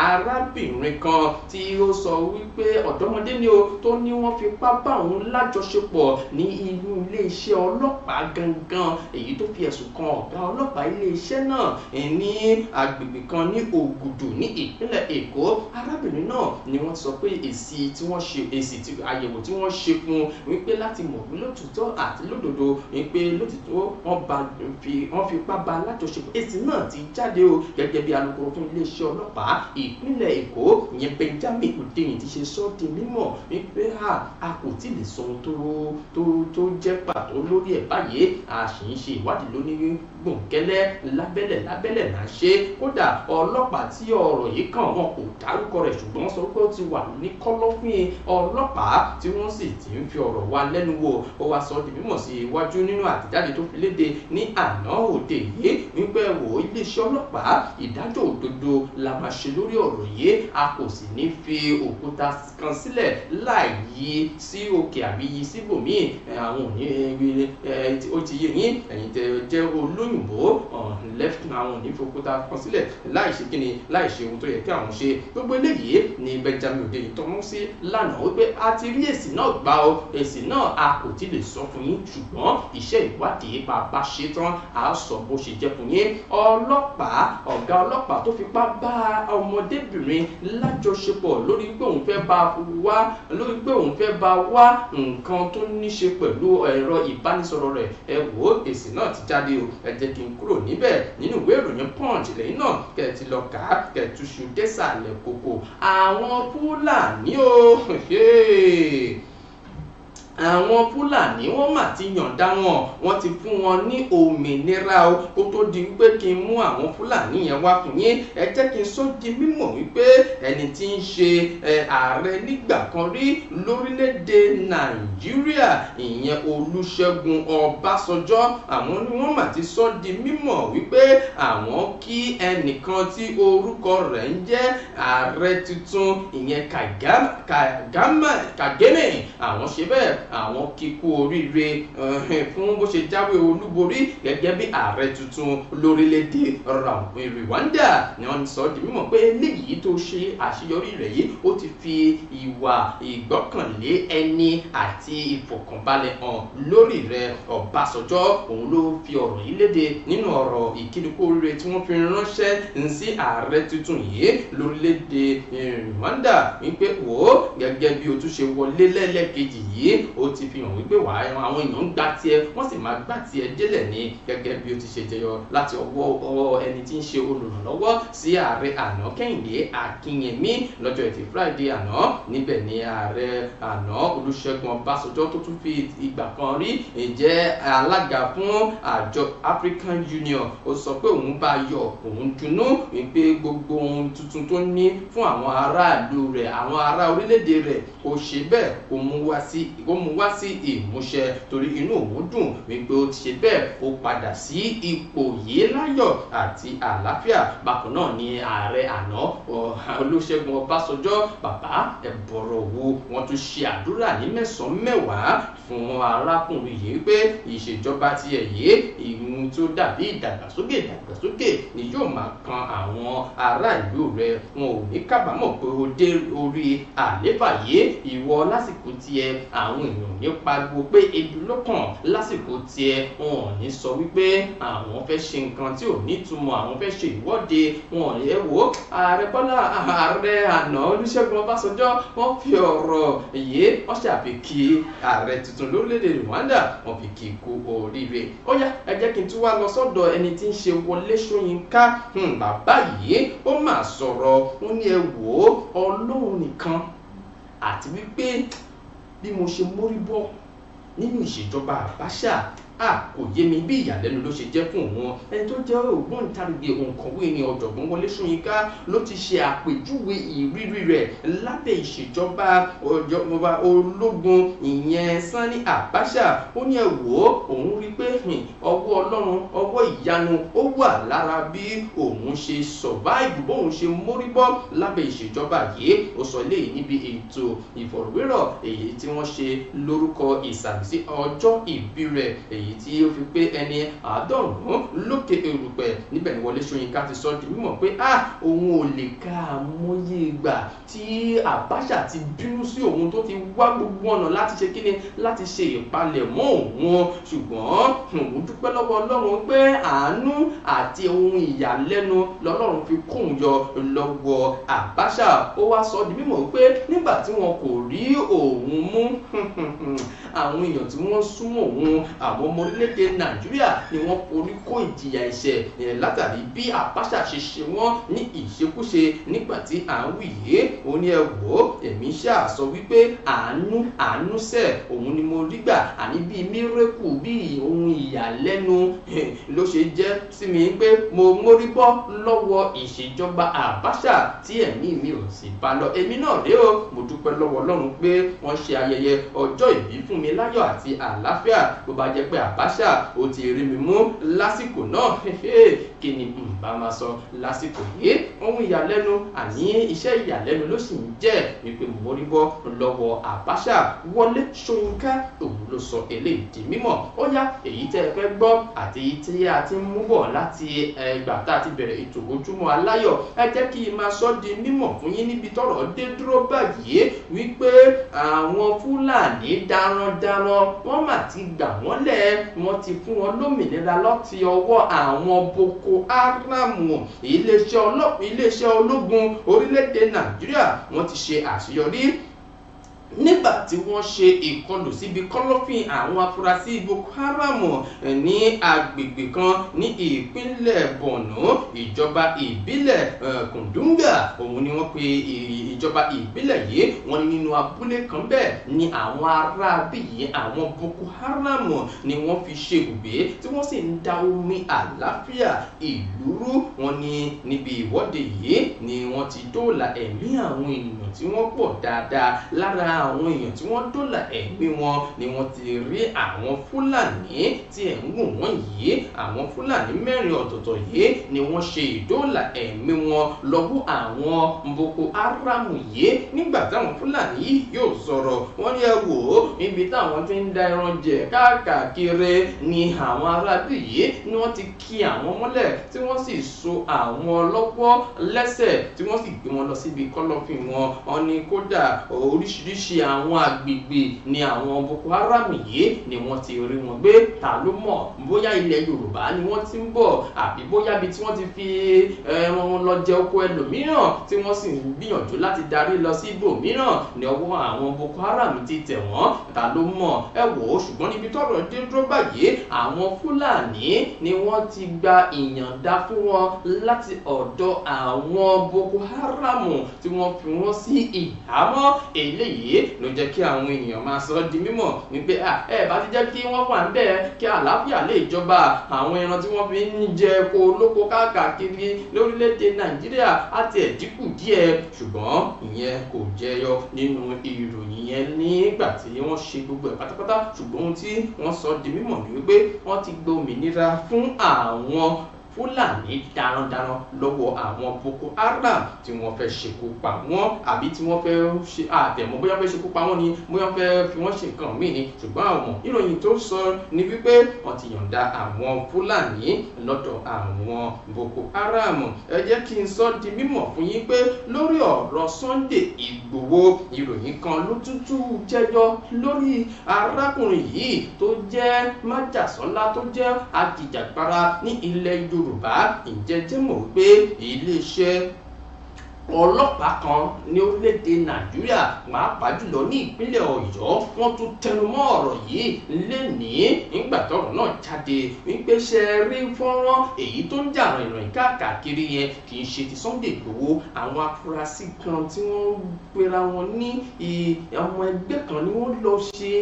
arábìnrin kan tí ó sọ wípé ọ̀dọ́mọdé ni o tó ní wọ́n fipá bá òun lájọṣepọ̀ ní inú iléeṣẹ́ ọlọ́pàá gangan èyí tó fi ẹ̀sùn kan ọ̀gá àwọn ọlọ́pàá iléeṣẹ́ náà ní agbègbè kan ní Ògùdù ní ìpínlẹ̀ Èkó arábìnrin náà ni wọ́n sọ pé èsì tí wọ́n ṣe èsì àyẹ̀wò tí wọ́n ṣe fún un wípé láti mọ̀ bí lótìtọ́ àti lódodo wípé lótìtọ́ wọ́n fipá bá alájọṣepọ̀ èsì náà ti jáde o gẹ́gẹ́ bí alukoro fún iléeṣẹ́ ọlọ́pàá ìpínlẹ̀ Èkó ìyẹn Benjamin Hundeyin ti ṣe sọ di mímọ̀ wípé a kò tí ì lè sọ ohun tó jẹ́ pàtó lórí ẹ̀ báyìí a sì ń ṣe ìwádìí lónìí gbòǹkẹ́lẹ́ lábẹ́lẹ̀ lábẹ́lẹ̀ là ń ṣe kódà ọlọ́pàá tí ọ̀rọ̀ yìí kàn wọn kò dárúkọ rẹ̀ ṣùgbọ́n sọ pé ó ti wà ní kọ́lọ́fín ọlọ́pàá tí wọ́n sì ti ń fi ọ̀rọ̀ wa lẹ́nu wò ó wá sọ di mímọ̀ sí iwájú nínú àtẹ̀jáde tó fi léde ní àná òde yìí wípé wò ó iléeṣẹ́ ọlọ́pàá ìdájọ́ òdodo la máa ṣe lórí ọ̀rọ̀ yìí a kò sì ní fi òkúta kan sílẹ̀ láì sí òkè àbí yí síbòmíì àwọn òní ó ti yé yín ẹ̀yin tẹ́ jẹ́ olóyún òyìnbó lẹ́fún àwọn òní fòkúta kan sílẹ̀ láì ṣe kíni láì ṣe ohun tó yẹ kí àwọn ṣe gbogbo eléyìí ni Benjamin Hundeyin tọ́mú sí lánàá wípé a ti rí èsì náà gbà o èsì náà a kò ti lè sọ fún yín ṣùgbọ́n iṣẹ́ ìwádìí bàbá ṣe tán a sọ bó ṣe jẹ́ fún yín ọlọ́pàá ọ̀gá ọlọ́pàá tó fipá bá ọmọdébìnrin lájọṣepọ̀ lórí pé òun fẹ́ bá wá lórí pé òun fẹ́ bá wá nǹkan tó ní ṣe pẹ̀lú ẹ̀rọ ìbánisọ̀rọ̀ rẹ̀ ẹ wò ó èsì náà ti jáde o ẹ jẹ́ kí n kúrò níbẹ̀ nínú ìwé ìròyìn punch lẹ́yìn náà kẹ̀tì lọ kà á kẹ̀tùṣù désàlẹ̀ kòkò àwọn fúlàní o [LAUGHS] àwọn fúlàní wọ́n mà ti yọ̀ǹda wọn wọ́n ti fún wọn ní òmìnira o kó tó di wípé kí n mú àwọn fúlàní yẹn wá fún yín ẹ jẹ́ kí n sọ di mímọ̀ wípé ẹni tí ń ṣe ààrẹ nígbà kan rí lórílẹ̀‐èdè nàìjíríà ìyẹn olúṣẹ́gun ọbásanjọ́ àwọn ni wọ́n mà ti sọ di mímọ̀ wípé àwọn kí ẹnìkan tí orúkọ rẹ̀ ń jẹ́ ààrẹ tuntun ìyẹn kagame àwọn ṣe bẹ́ẹ̀ àwọn kíkú oríire eh, fún bó ṣe jáwé olúborí gẹ́gẹ́ bí ààrẹ tuntun lórílẹ̀‐èdè Rwanda ni wọ́n sọ di mímọ̀ pé eléyìí tó ṣe àṣeyọrí rẹ̀ yìí ó ti fi ìwà ìgbọ́kànlé ẹni àti ìfọ̀kànbalẹ̀ hàn lórí rẹ̀ Ọbásanjọ́ òun ló fi ọ̀rọ̀ yìí léde nínú ọ̀rọ̀ ìkíni kú oríire tí wọ́n fi ránṣẹ́ sí ààrẹ tuntun yìí lórílẹ̀‐èdè eh, Rwanda wípé wò ó gẹ́gẹ́ bí o tún ṣe wọlé lẹ́lẹ́kejì yìí ó ó ti fi hàn wípé wàá ẹran àwọn èèyàn ń gba tiẹ̀ wọ́n sì máa gba tiẹ̀ délẹ̀ ní gẹ́gẹ́ bí ó ti ṣe jẹyọ láti ọwọ́ ẹni tí ń ṣe olùrànlọ́wọ́ sí ààrẹ àná kẹ́hìndé akínyẹmí lọ́jọ́ ẹtì friday àná níbẹ̀ ni ààrẹ àná olùṣègùn ọbásanjọ́ tó tún fi ìgbà kan rí ìjẹ́ alága fún àjọ african union ó sọ pé òun bá yọ òun dunnú wípé gbogbo ohun tuntun tó ní fún àwọn aráàlú rẹ̀ àwọn ará orílẹ̀-èdè rẹ̀ kò ṣe bẹ́ẹ̀ kò mú wá sí kò mú wá sí ìmúṣẹ torí inú òun dùn wípé ó ti ṣe bẹ́ẹ̀ ó padà sí ipò yìí láyọ̀ àti àlàáfíà bákan náà ni ààrẹ àná olúṣẹ́gun ọbásanjọ́ bàbá ẹ̀bọ̀rọ̀ wo wọ́n tún ṣe àdúrà ní mẹ́sàn-án mẹ́wàá fún arákùnrin yìí pé ìṣèjọba tiẹ̀ yìí ìhun tó dàbí ìdàgbàsókè ìdàgbàsókè ni yóò máa kan àwọn ará ìlú rẹ wọn ò ní kábàámọ̀ pé o dé orí àlébà yìí ìwọ lásìkò tiẹ̀ àwọn èèyàn nípa gbogbo pé ebi ló kàn lásìkò tiẹ̀ wọn ò ní sọ wípé àwọn fẹ́ ṣe nǹkan tí ò nítumọ̀ àwọn fẹ́ ṣe ìwọ́de wọn ò yẹ wò ààrẹ bọ́lá ààrẹ àná olúṣẹ́gun ọbásanjọ́ wọ́n fi ọ̀rọ̀ yìí wọ́n ṣàfikì ààrẹ tuntun lórílẹ̀‐èdè rwanda wọ́n fi kì í kú oríire ó yá ẹ jẹ́ kí n tún wá lọ sọ́dọ̀ ẹni tí ń ṣe wọlé ṣóyínká hmm, bàbá yìí ó mà sọ̀rọ̀ ó ní ẹ wò ó ọlọ́run nìkan àti wípé bí mo ṣe mórí bọ́ nínú ìṣèjọba Abacha a kò yé mi bí ìyàlẹ́nu ló ṣe jẹ́ fún òun ẹni tó jẹ́ ògbóǹtarìgì òǹkọ̀wé ni ọ̀jọ̀gbọ́n Wọlé Ṣóyínká ló ti ṣe àpèjúwe ìrírí rẹ̀ lábẹ́ ìṣèjọba ọ̀jọ̀gbọ́n ológun ìyẹn Sani Abacha ó ní ẹ wò ó òun rí pé ọwọ́ Ọlọ́run ọwọ́ ìyanu ó wà lára bí òun ṣe survive bóun ṣe mórí bọ́ lábẹ́ ìṣèjọba yìí ó sọ eléyìí níbi ètò ìfọ̀rọ̀wérọ̀ èyí tí wọ́n ṣe lórúkọ ìsàmìsí ọjọ́ ìbí rẹ̀ èyí èyí tí ó fi pé ẹni àádọ́rùn-ún lókè erùpẹ̀ níbẹ̀ ni Wọlé Ṣóyínká ti sọ di mímọ̀ pé ah òun ò lè ka àmúyẹ ìgbà tí Abacha ti bínú sí òun tó ti wá gbogbo ọ̀nà láti ṣe kíni láti ṣe ìpalẹ̀mọ́ òun ṣùgbọ́n òun hmm, dúpẹ́ lọ́wọ́ Ọlọ́run pé àánú àti ohun ìyàlẹ́nu lọ́lọ́run fi kóun yọ lọ́wọ́ Abacha ó wá sọ di mímọ̀ pé nígbà tí wọn kò rí òun mú [LAUGHS] àwọn èèyàn tí wọ́n súnmọ́ òun àwọn ọmọ orílẹ̀-èdè nàìjíríà ni wọ́n forí kó ìjìyà ẹ̀ṣẹ̀ látàrí bí àbáṣà ṣe ṣe wọ́n ní ìṣekúṣe nígbà tí à ń wì yé òun ni ẹ wò ó èmi ṣáà sọ wípé àánú àánú sẹ̀ òun ni mo rí gbà àní bíi mírẹ́kù bíi ohun ìyàlẹ́nu ló ṣe jẹ́ sí mi pé mo mórí bọ́ lọ́wọ́ ìṣèjọba àbáṣà tí ẹ̀mí mi ò sì bá lọ èmi náà rèé o mo dúpẹ́ lọ́wọ́ ọlọ́run pé wọ́n ṣe ayẹyẹ ọjọ́ ìbí fún mi láyọ̀ àti àlàáfíà bó bá jẹ́ pé Abacha ó ti rí mi mú lásìkò náà kí ni bá máa sọ lásìkò yìí ohun ìyàlẹ́nu àní iṣẹ́ ìyàlẹ́nu ló sì ń jẹ́ wípé mo rí bọ́ lọ́wọ́ Abacha Wọlé Ṣóyínká òun ló sọ eléyìí di mímọ̀ ó yá èyí tẹ́ ẹ fẹ́ gbọ́ àti èyí tí a ti ń mú bọ̀ láti ẹgbà tá a ti bẹ̀rẹ̀ ètò ojúmọ́ aláyọ̀ ẹ jẹ́ kí n máa sọ di mímọ̀ fún yín níbi tọ́rọ̀ dé dúró báyìí wípé àwọn Fúlàní darandaran wọ́n mà ti gbà wọ́n lẹ̀ wọ́n ti fún wọn lómìnira láti ọwọ́ àwọn Boko Haram iléeṣẹ́ ológun orílẹ̀-èdè Nàìjíríà wọ́n ti ṣe àṣeyọrí nígbà tí wọ́n ṣe ìkọlù síbi kọ́lọ́fín àwọn afurasí boko haram eh, ní agbègbè kan ní ìpínlẹ̀ borno ìjọba ìbílẹ̀ eh, kùndúngà òun ni wọ́n pe ìjọba ìbílẹ̀ yìí wọ́n nínú abúlé kan bẹ́ẹ̀ ni àwọn ará abíyí àwọn boko haram ni wọ́n fi ṣe ibùgbé tí wọ́n sì ń da omi àlàáfíà ìlú wọn ni níbi ìwọ́de yìí ni wọ́n ti dóòlà ẹ̀mí àwọn ènìyàn tí wọ́n pọ̀ dáadáa lára àwọn èèyàn tí wọ́n dólà ẹ̀mí wọn ni wọ́n ti rí àwọn fúlàní tí ẹ̀ ń wò wọ́n yìí àwọn fúlàní mẹ́rin ọ̀tọ̀ọ̀tọ̀ yìí ni wọ́n ṣe ìdólà ẹ̀mí wọn lọ́wọ́ àwọn boko haram yìí nígbà táwọn fúlàní yìí yóò sọ̀rọ̀ wọ́n ní ẹ wò ó ibi táwọn ti ń da ẹran jẹ káàkiri ni àwọn arábì yìí ni wọ́n ti kí àwọn mọ́lẹ̀ tí wọ́n sì so àwọn ọlọ́pọ́ lẹ́sẹ̀ tí wọ́n sì gbé wọn lọ síbi kọ́lọ́fín wọn wọ́n ní kódà oríṣiríṣi oríṣiríṣi àwọn agbègbè ni àwọn boko haram yìí ni wọ́n ti rí wọn gbé ta ló mọ̀ bóyá ilẹ̀ yorùbá ni wọ́n ti ń bọ̀ àbí bóyá ibi tí wọ́n ti fi eh, ẹran lọ jẹ oko ẹlòmíràn tí wọ́n sì ń gbìyànjú láti darí lọ sí ibòmíràn ni ọwọ́ àwọn boko haram ti tẹ̀ wọ́n ta ló mọ̀ ẹ wò ó ṣùgbọ́n níbi tọ́rọ̀ dé dúró báyìí àwọn fúlàní ni wọ́n ti gba ìyànda fún wọn láti ọ̀dọ̀ àwọn boko haram tí wọ́n fi wọ́n sí ìhámọ́ eléyìí ló jẹ́ kí àwọn èèyàn máa sọ di mímọ̀ wípé ẹ bá ti jẹ́ kí wọ́n wà ń bẹ̀ kí àlàáfíà lè jọba àwọn ẹran tí wọ́n fi ń jẹ oko olóko káàkiri lórílẹ̀‐èdè nàìjíríà á ti ẹ̀ dínkù díẹ̀ ṣùgbọ́n ìyẹn kò jẹyọ nínú ìròyìn yẹn nígbà tí wọ́n ṣe gbogbo ẹ̀ pátápátá ṣùgbọ́n ohun tí wọ́n sọ di mímọ̀ ni wípé wọ́n ti gba òmìnira fún àwọn fúlàní darandaran lọ́wọ́ àwọn boko haram tí wọ́n fẹ́ ṣekú pa wọ́n àbí tí wọ́n fẹ́ ṣe àtẹ̀mọ́ bóyá fẹ́ ṣekú pa wọ́n ni bóyá fẹ́ fi wọ́n ṣe nǹkan míì ni ṣùgbọ́n àwọn ìròyìn tó sọ ni wípé wọ́n ti yọ̀ǹda àwọn fúlàní lọ́dọ̀ àwọn boko haram ẹ jẹ́ kí n sọ di mímọ̀ fún yín pé lórí ọ̀rọ̀ Sunday Ìgbòho ìròyìn kan ló tútù jẹyọ lórí arákùnrin yìí tó jẹ́ májàsọ́lá tó jẹ́ àjìjàgbara ní ilẹ̀ Yorùbá yorùbá ǹjẹ́ jẹ́ mọ̀ pé iléeṣẹ́ ọlọ́pàá kan ní orílẹ̀-èdè nàìjíríà pàápàá jùlọ ní ìpínlẹ̀ ọ̀yọ́ wọ́n tún tẹnumọ́ ọ̀rọ̀ yìí lénìí nígbà tọ́rọ̀ náà jáde wípé ṣe rí fọ́nrán èyí tó ń jà rìnrìn káàkiri yẹn kì í ṣe ti Sunday Igboho àwọn afurasí kan tí wọ́n pera wọn ní ọmọ ẹgbẹ́ kan ni wọ́n lọ ṣe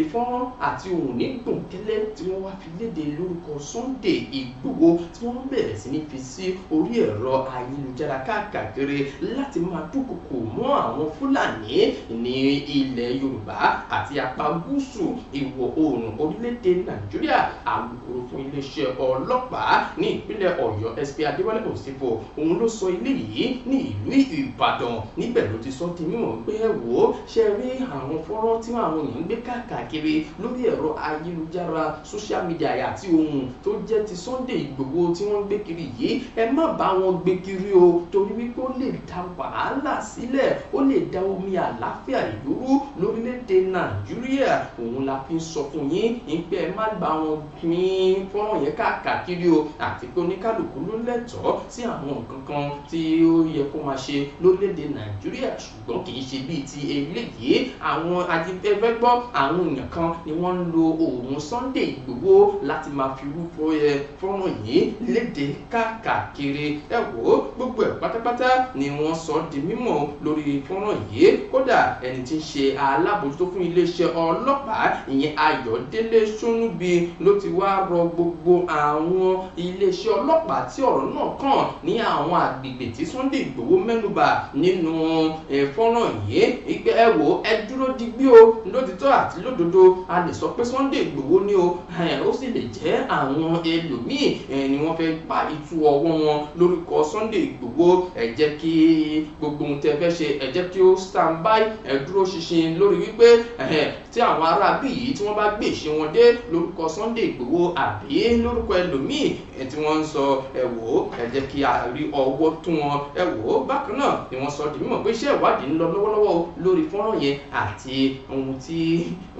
ìfọ́nrán àti ohùn nígbòkẹ́lẹ́ tí wọ́n wá fi léde lórúkọ Sunday Igboho tí wọ́n bẹ̀rẹ̀ sí ní fi sí orí ẹ̀rọ ayélujára káàkiri káàkiri láti máa dúnkòkò mọ́ àwọn fúlàní ní ilẹ̀ yorùbá àti apá gúúsù ìwọ̀ oòrùn orílẹ̀-èdè nàìjíríà alukoro fún iléeṣẹ́ ọlọ́pàá ní ìpínlẹ̀ ọ̀yọ́ sp adéwálé òsínbó òun ló sọ eléyìí ní ìlú ìbàdàn níbẹ̀ ló ti sọ di mímọ̀ pé ẹ wò ó ṣe rí àwọn fọ́nrán tí àwọn èèyàn ń gbé káàkiri lórí ẹ̀rọ ayélujára social media àti ohun tó jẹ́ ti sunday ìgbòho tí wọ́n ń gbé kiri yìí ẹ má bá wọn gbé kiri o torí wípé ó lè da wàhálà sílẹ̀ ó lè da omi àlàáfíà ìdúró lórílẹ̀‐èdè nàìjíríà òun la fi ń sọ fún yín ìpẹ́ ẹ má bá wọn pín fọ́nrán yẹn káàkiri o àti pé oníkálukú ló lẹ́tọ̀ọ́ sí àwọn nǹkan kan tí ó yẹ kó máa ṣe lórílẹ̀‐èdè nàìjíríà ṣùgbọ́n kì í ṣe bíi ti eléyìí àwọn ajifẹ́fẹ́ gbọ́ àwọn èèyàn kan ni wọ́n ń lo òun Sunday Igboho láti máa fi rúfọ́ yẹ fọ́nrán yìí léde káàkiri ẹ gbogbo ẹ̀ pátá pátápátá ni wọ́n sọ di mímọ̀ lórí fọ́nrán yìí kódà ẹni tí ń ṣe alábòjútó fún iléeṣẹ́ ọlọ́pàá ìyẹn Ayọ̀délé Ṣónúbí ló ti wá rọ gbogbo àwọn iléeṣẹ́ ọlọ́pàá tí ọ̀rọ̀ náà kàn ní àwọn àgbègbè tí Sunday Ìgbòho mẹ́nubà nínú fọ́nrán yìí ìgbẹ́ ẹ wò ẹ dúró digbí o lótìtọ́ àti lódodo a lè sọ pé Sunday Ìgbòho ni o ó sì lè jẹ́ àwọn ẹlòmíì ni wọ́n fẹ́ pa ìtú ọwọ́ wọn lórúkọ Sunday Ìgbòho ẹ jẹ́ kí gbogbo ohun tẹ́ fẹ́ ṣe ẹ jẹ́ kí ó stand by ẹ dúró ṣinṣin lórí wípé tí àwọn ará bí yìí tí wọ́n bá gbé ìṣe wọn dé lórúkọ Sunday Ìgbòho àbí lórúkọ ẹlòmíì tí wọ́n ń sọ ẹ wò ó ẹ jẹ́ kí a rí ọwọ́ tún wọn ẹ wò ó bákan náà ni wọ́n sọ di mímọ̀ pé iṣẹ́ ìwádìí ń lọ lọ́wọ́lọ́wọ́ lórí fọ́nrán yẹn àti ohun tí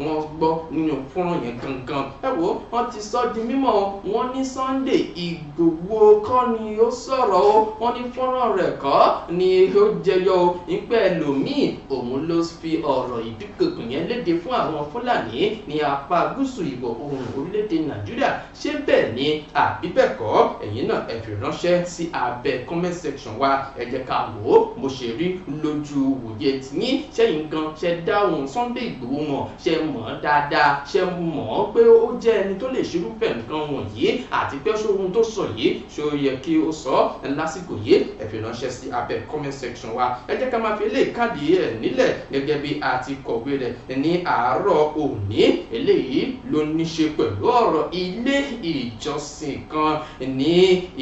wọ́n gbọ́ nínú fọ́nrán yẹn gangan ẹ wò ó wọ́n ti sọ di mímọ̀ wọ́n ní Sunday Ìgbòho kọ́ ni ó sọ̀rọ̀ ó wọ́n ní fọ́nrán rẹ̀ rẹ̀ kọ́ ni ó jẹyọ o nípa ẹlòmíì òun ló fi ọ̀rọ̀ ìdúkokò yẹn léde fún àwọn fúlàní ní apá gúúsù ìwọ̀ oòrùn orílẹ̀-èdè nàìjíríà ṣé bẹ́ẹ̀ ni àbí bẹ́ẹ̀ kọ́ ẹ̀yin náà ẹ fi ránṣẹ́ sí abẹ́ comment section wa ẹ jẹ́ ká wò ó mo ṣe rí lójú wòye tìyín ṣẹ́yìn gan ṣe dáhùn Sunday Ìgbòho mọ̀ ṣe mọ̀ dáadáa ṣe mọ̀ pé ó jẹ́ ẹni tó lè ṣerúfẹ́ nǹkan wọ̀nyí àti pé ṣóhun tó sọ yìí ṣó yẹ kí ó sọ lásìkò yìí ẹ ránṣẹ́ ránṣẹ́ sí abẹ́ comment section wa ẹ jẹ́ ká máa fi eléyìí káàdì ẹ̀ nílẹ̀ gẹ́gẹ́ bí a ti kọ̀wé rẹ̀ ní àárọ̀ òní eléyìí ló ní ṣe pẹ̀lú ọ̀rọ̀ ilé ìjọsìn kan ní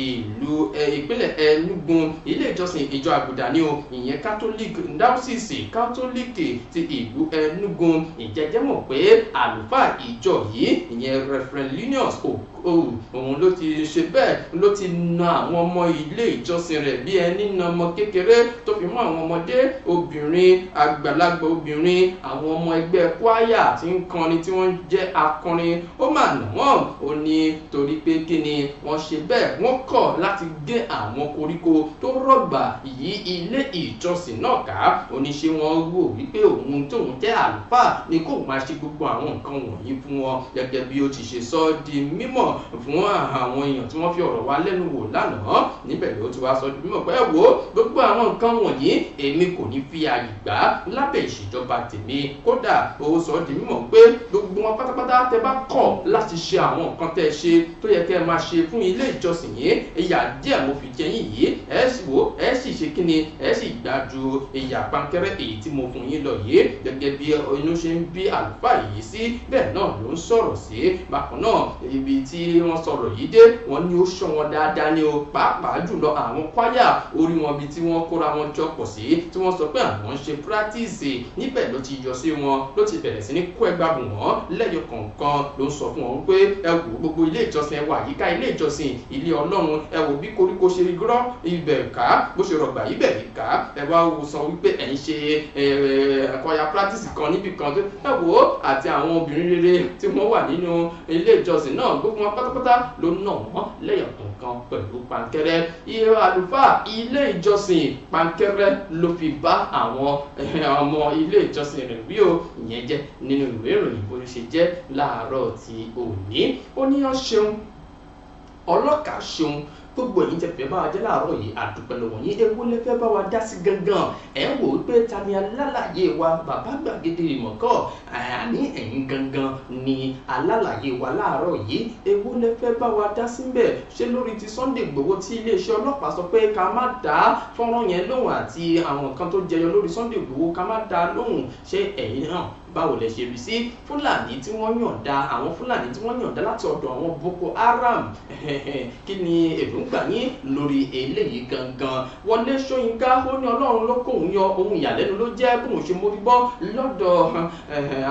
ìlú ìpínlẹ̀ Enugu ilé ìjọsìn ìjọ àgùdà ni o ìyẹn Catholic diocese Catholic ti ìlú Enugu ìjẹ́jẹ́ mọ̀ pé àlùfáà ìjọ yìí ìyẹn Reverend Linus Obi Oh, òun ló ti ṣe bẹ́ẹ̀ ló ti na àwọn ọmọ ilé ìjọsìn rẹ̀ bí ẹni na ọmọ kékeré tó fi mọ́ àwọn ọmọdé obìnrin àgbàlagbà obìnrin àwọn ọmọ ẹgbẹ́ kwaya tí ń kọrin tí wọ́n jẹ́ akọrin ó mà nà wọ́n ò ní torí pé kí ni wọ́n ṣe bẹ́ẹ̀ wọ́n kọ̀ láti gé àwọn koríko tó rọ̀gbà yí ilé ìjọsìn náà ká oníṣe wọn wò wípé òun tóun jẹ́ àlùfáà ni kó máa ṣe gbogbo àwọn nǹkan wọ̀nyí fún wọn gẹ́gẹ́ bí ó ti ṣe sọ di mímọ̀ náà fún àwọn èèyàn tí wọ́n fi ọ̀rọ̀ wa lẹ́nu wò lánàá níbẹ̀ ló ti wá sọ bí mọ̀ pé wo gbogbo àwọn nǹkan wọ̀nyí èmi kò ní fi àyè gbà lábẹ́ ìṣèjọba tèmi kódà ó sọ di mímọ̀ pé gbogbo wọn pátápátá tẹ bá kọ̀ láti ṣe àwọn nǹkan tẹ ṣe tó yẹ kẹ́ máa ṣe fún ilé ìjọsìn yìí ìyà díẹ̀ mo fi jẹ yín yìí ẹ sì wò ẹ sì ṣe kíni ẹ sì gbà ju ìyà pankẹ́rẹ́ èyí tí mo fún yín lọ yìí gẹ́gẹ́ bí inú ṣe ń bí àlùfáà yìí sí bẹ́ẹ̀ náà ló ń sọ̀rọ̀ sí bákan náà ibi tí tí wọ́n sọ̀rọ̀ yìí dé wọ́n ní ó ṣọ́ wọn dáadáa ní o pàápàá jùlọ àwọn kwaya orí wọn bíi tí wọ́n kóra wọn jọ pọ̀ sí tí wọ́n sọ pé àwọn ń ṣe pírátíìsì níbẹ̀ ló ti yọ sí wọn ló ti bẹ̀rẹ̀ sí ní kó ẹgbà bù wọ́n lẹ́yọ kọ̀ọ̀kan ló ń sọ fún wọn pé ẹ wò gbogbo ilé ìjọsìn ẹ wà àyíká ilé ìjọsìn ilé ọlọ́run ẹ wò bí koríko ṣe rí gírọ́ ibẹ̀ ká bó ṣe rọgbà ibẹ̀ yìí ká ẹ wá sọ wípé ẹ ń ṣe kwaya pírátíìsì kan níbì kan ẹ wò àti àwọn obìnrin rere tí wọ́n wà nínú ilé ìjọsìn náà gbogbo wọn pátápátá ló nà wọ́n lẹ́yìn kọ̀ọ̀kan pẹ̀lú pankẹ́rẹ́ ìrọ̀ àlùfáà ilé ìjọsìn pankẹ́rẹ́ ló fi bá àwọn eh, ọmọ ilé ìjọsìn rẹ̀ wí o ìyẹn jẹ́ nínú ìwé ìròyìn bó ṣe jẹ́ láàárọ̀ ti òní ó ní ọ́ ṣeun ọlọ́kà ṣeun gbogbo ẹ̀yin tẹ́ fẹ́ bá wa jẹ́ láàárọ̀ yìí àdúpẹ́ lọ́wọ́ yín ewu lẹ fẹ́ bá wa dá sí gangan ẹ̀ ń wò ó pé ta ni alálàyé wa bàbá gbàgede ìmọ̀kọ́ àní ẹ̀yin gangan ni alálàyé wa láàárọ̀ yìí ewu lẹ fẹ́ bá wa dá sí bẹ́ẹ̀ ṣé lórí ti Sunday Igboho tí iléeṣẹ́ ọlọ́pàá sọ pé ká má dá fọ́nrán yẹn lóhùn àti àwọn nǹkan tó jẹyọ lórí Sunday Igboho ká má dá lóhùn ṣé ẹ̀yin náà báwo lẹ ṣe rí sí fúlàní tí wọ́n yọ̀ǹda àwọn fúlàní tí wọ́n yọ̀ǹda láti ọ̀dọ̀ àwọn boko haram [LAUGHS] kí ni èròǹgbà yín lórí eléyìí gangan wọlé ṣóyínká ó ní ọlọ́run ló kóun yọ ohun ìyàlẹ́nu ló jẹ́ bóun ṣe mórí bọ́ lọ́dọ̀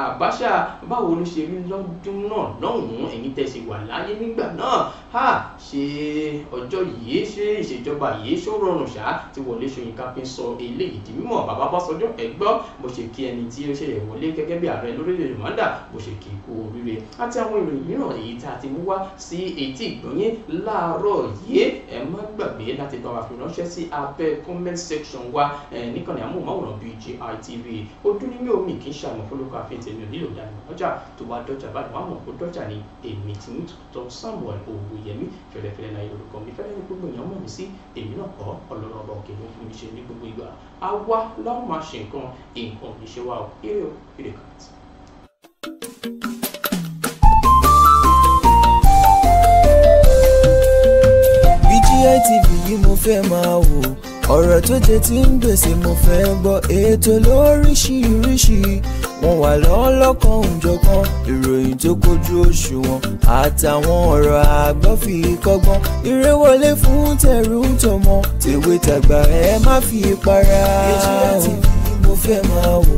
àbáṣà eh, báwo ló ṣe rí lọ́dún náà lọ́hùn-ún tẹ̀sí wà láyé nígbà náà ha ṣe ọjọ́ yìí ṣe ìṣèjọba yìí ṣó rọrùn ṣá ti Wọlé Ṣóyínká fi sọ eléyìí di mímọ̀ bàbá bá sọjọ́ ẹgbọ́ bó ṣe kí ẹni tí ó ṣẹ̀ṣẹ̀ wọlé gẹ́gẹ́ bí ààrẹ lórílẹ̀ Rwanda bó ṣe kí ikú oríire àti àwọn ìròyìn mìíràn èyí tá a ti mú wá sí etí ìgbọ̀nyín láàárọ̀ yìí ẹ má gbàgbé láti bá wa fi ránṣẹ́ sí abẹ́ comment section wa níkànnì amóhùnmáwòrán BGI TV ojú ní mi ò mì kí ń tọ́ oyèmí fẹlẹfẹlẹ náà lórúkọ mi fẹlẹ ní gbogbo èèyàn mọ̀ mí sí èmi náà kọ́ ọlọ́run ọba òkè ló fún ṣe ní gbogbo ìgbà á wá máa ṣe nǹkan nǹkan kì ṣe wá o eré o eré kàtí. BGI TV yìí mo fẹ́ máa wò ọ̀rọ̀ tó jẹ ti ń gbèsè mo fẹ́ gbọ́ ètò lóríṣiríṣi wọ́n wà lọ́wọ́ lọ́kàn òjọ̀kan ìròyìn tó kojú òṣùwọ̀n àtàwọn ọ̀rọ̀ àgbọ́ fi kọ́gbọ́n eré wọlé fún tẹ̀rù tọmọ tèwe tàgbà ẹ má fi para. ètò láti fi fẹ́ máa wò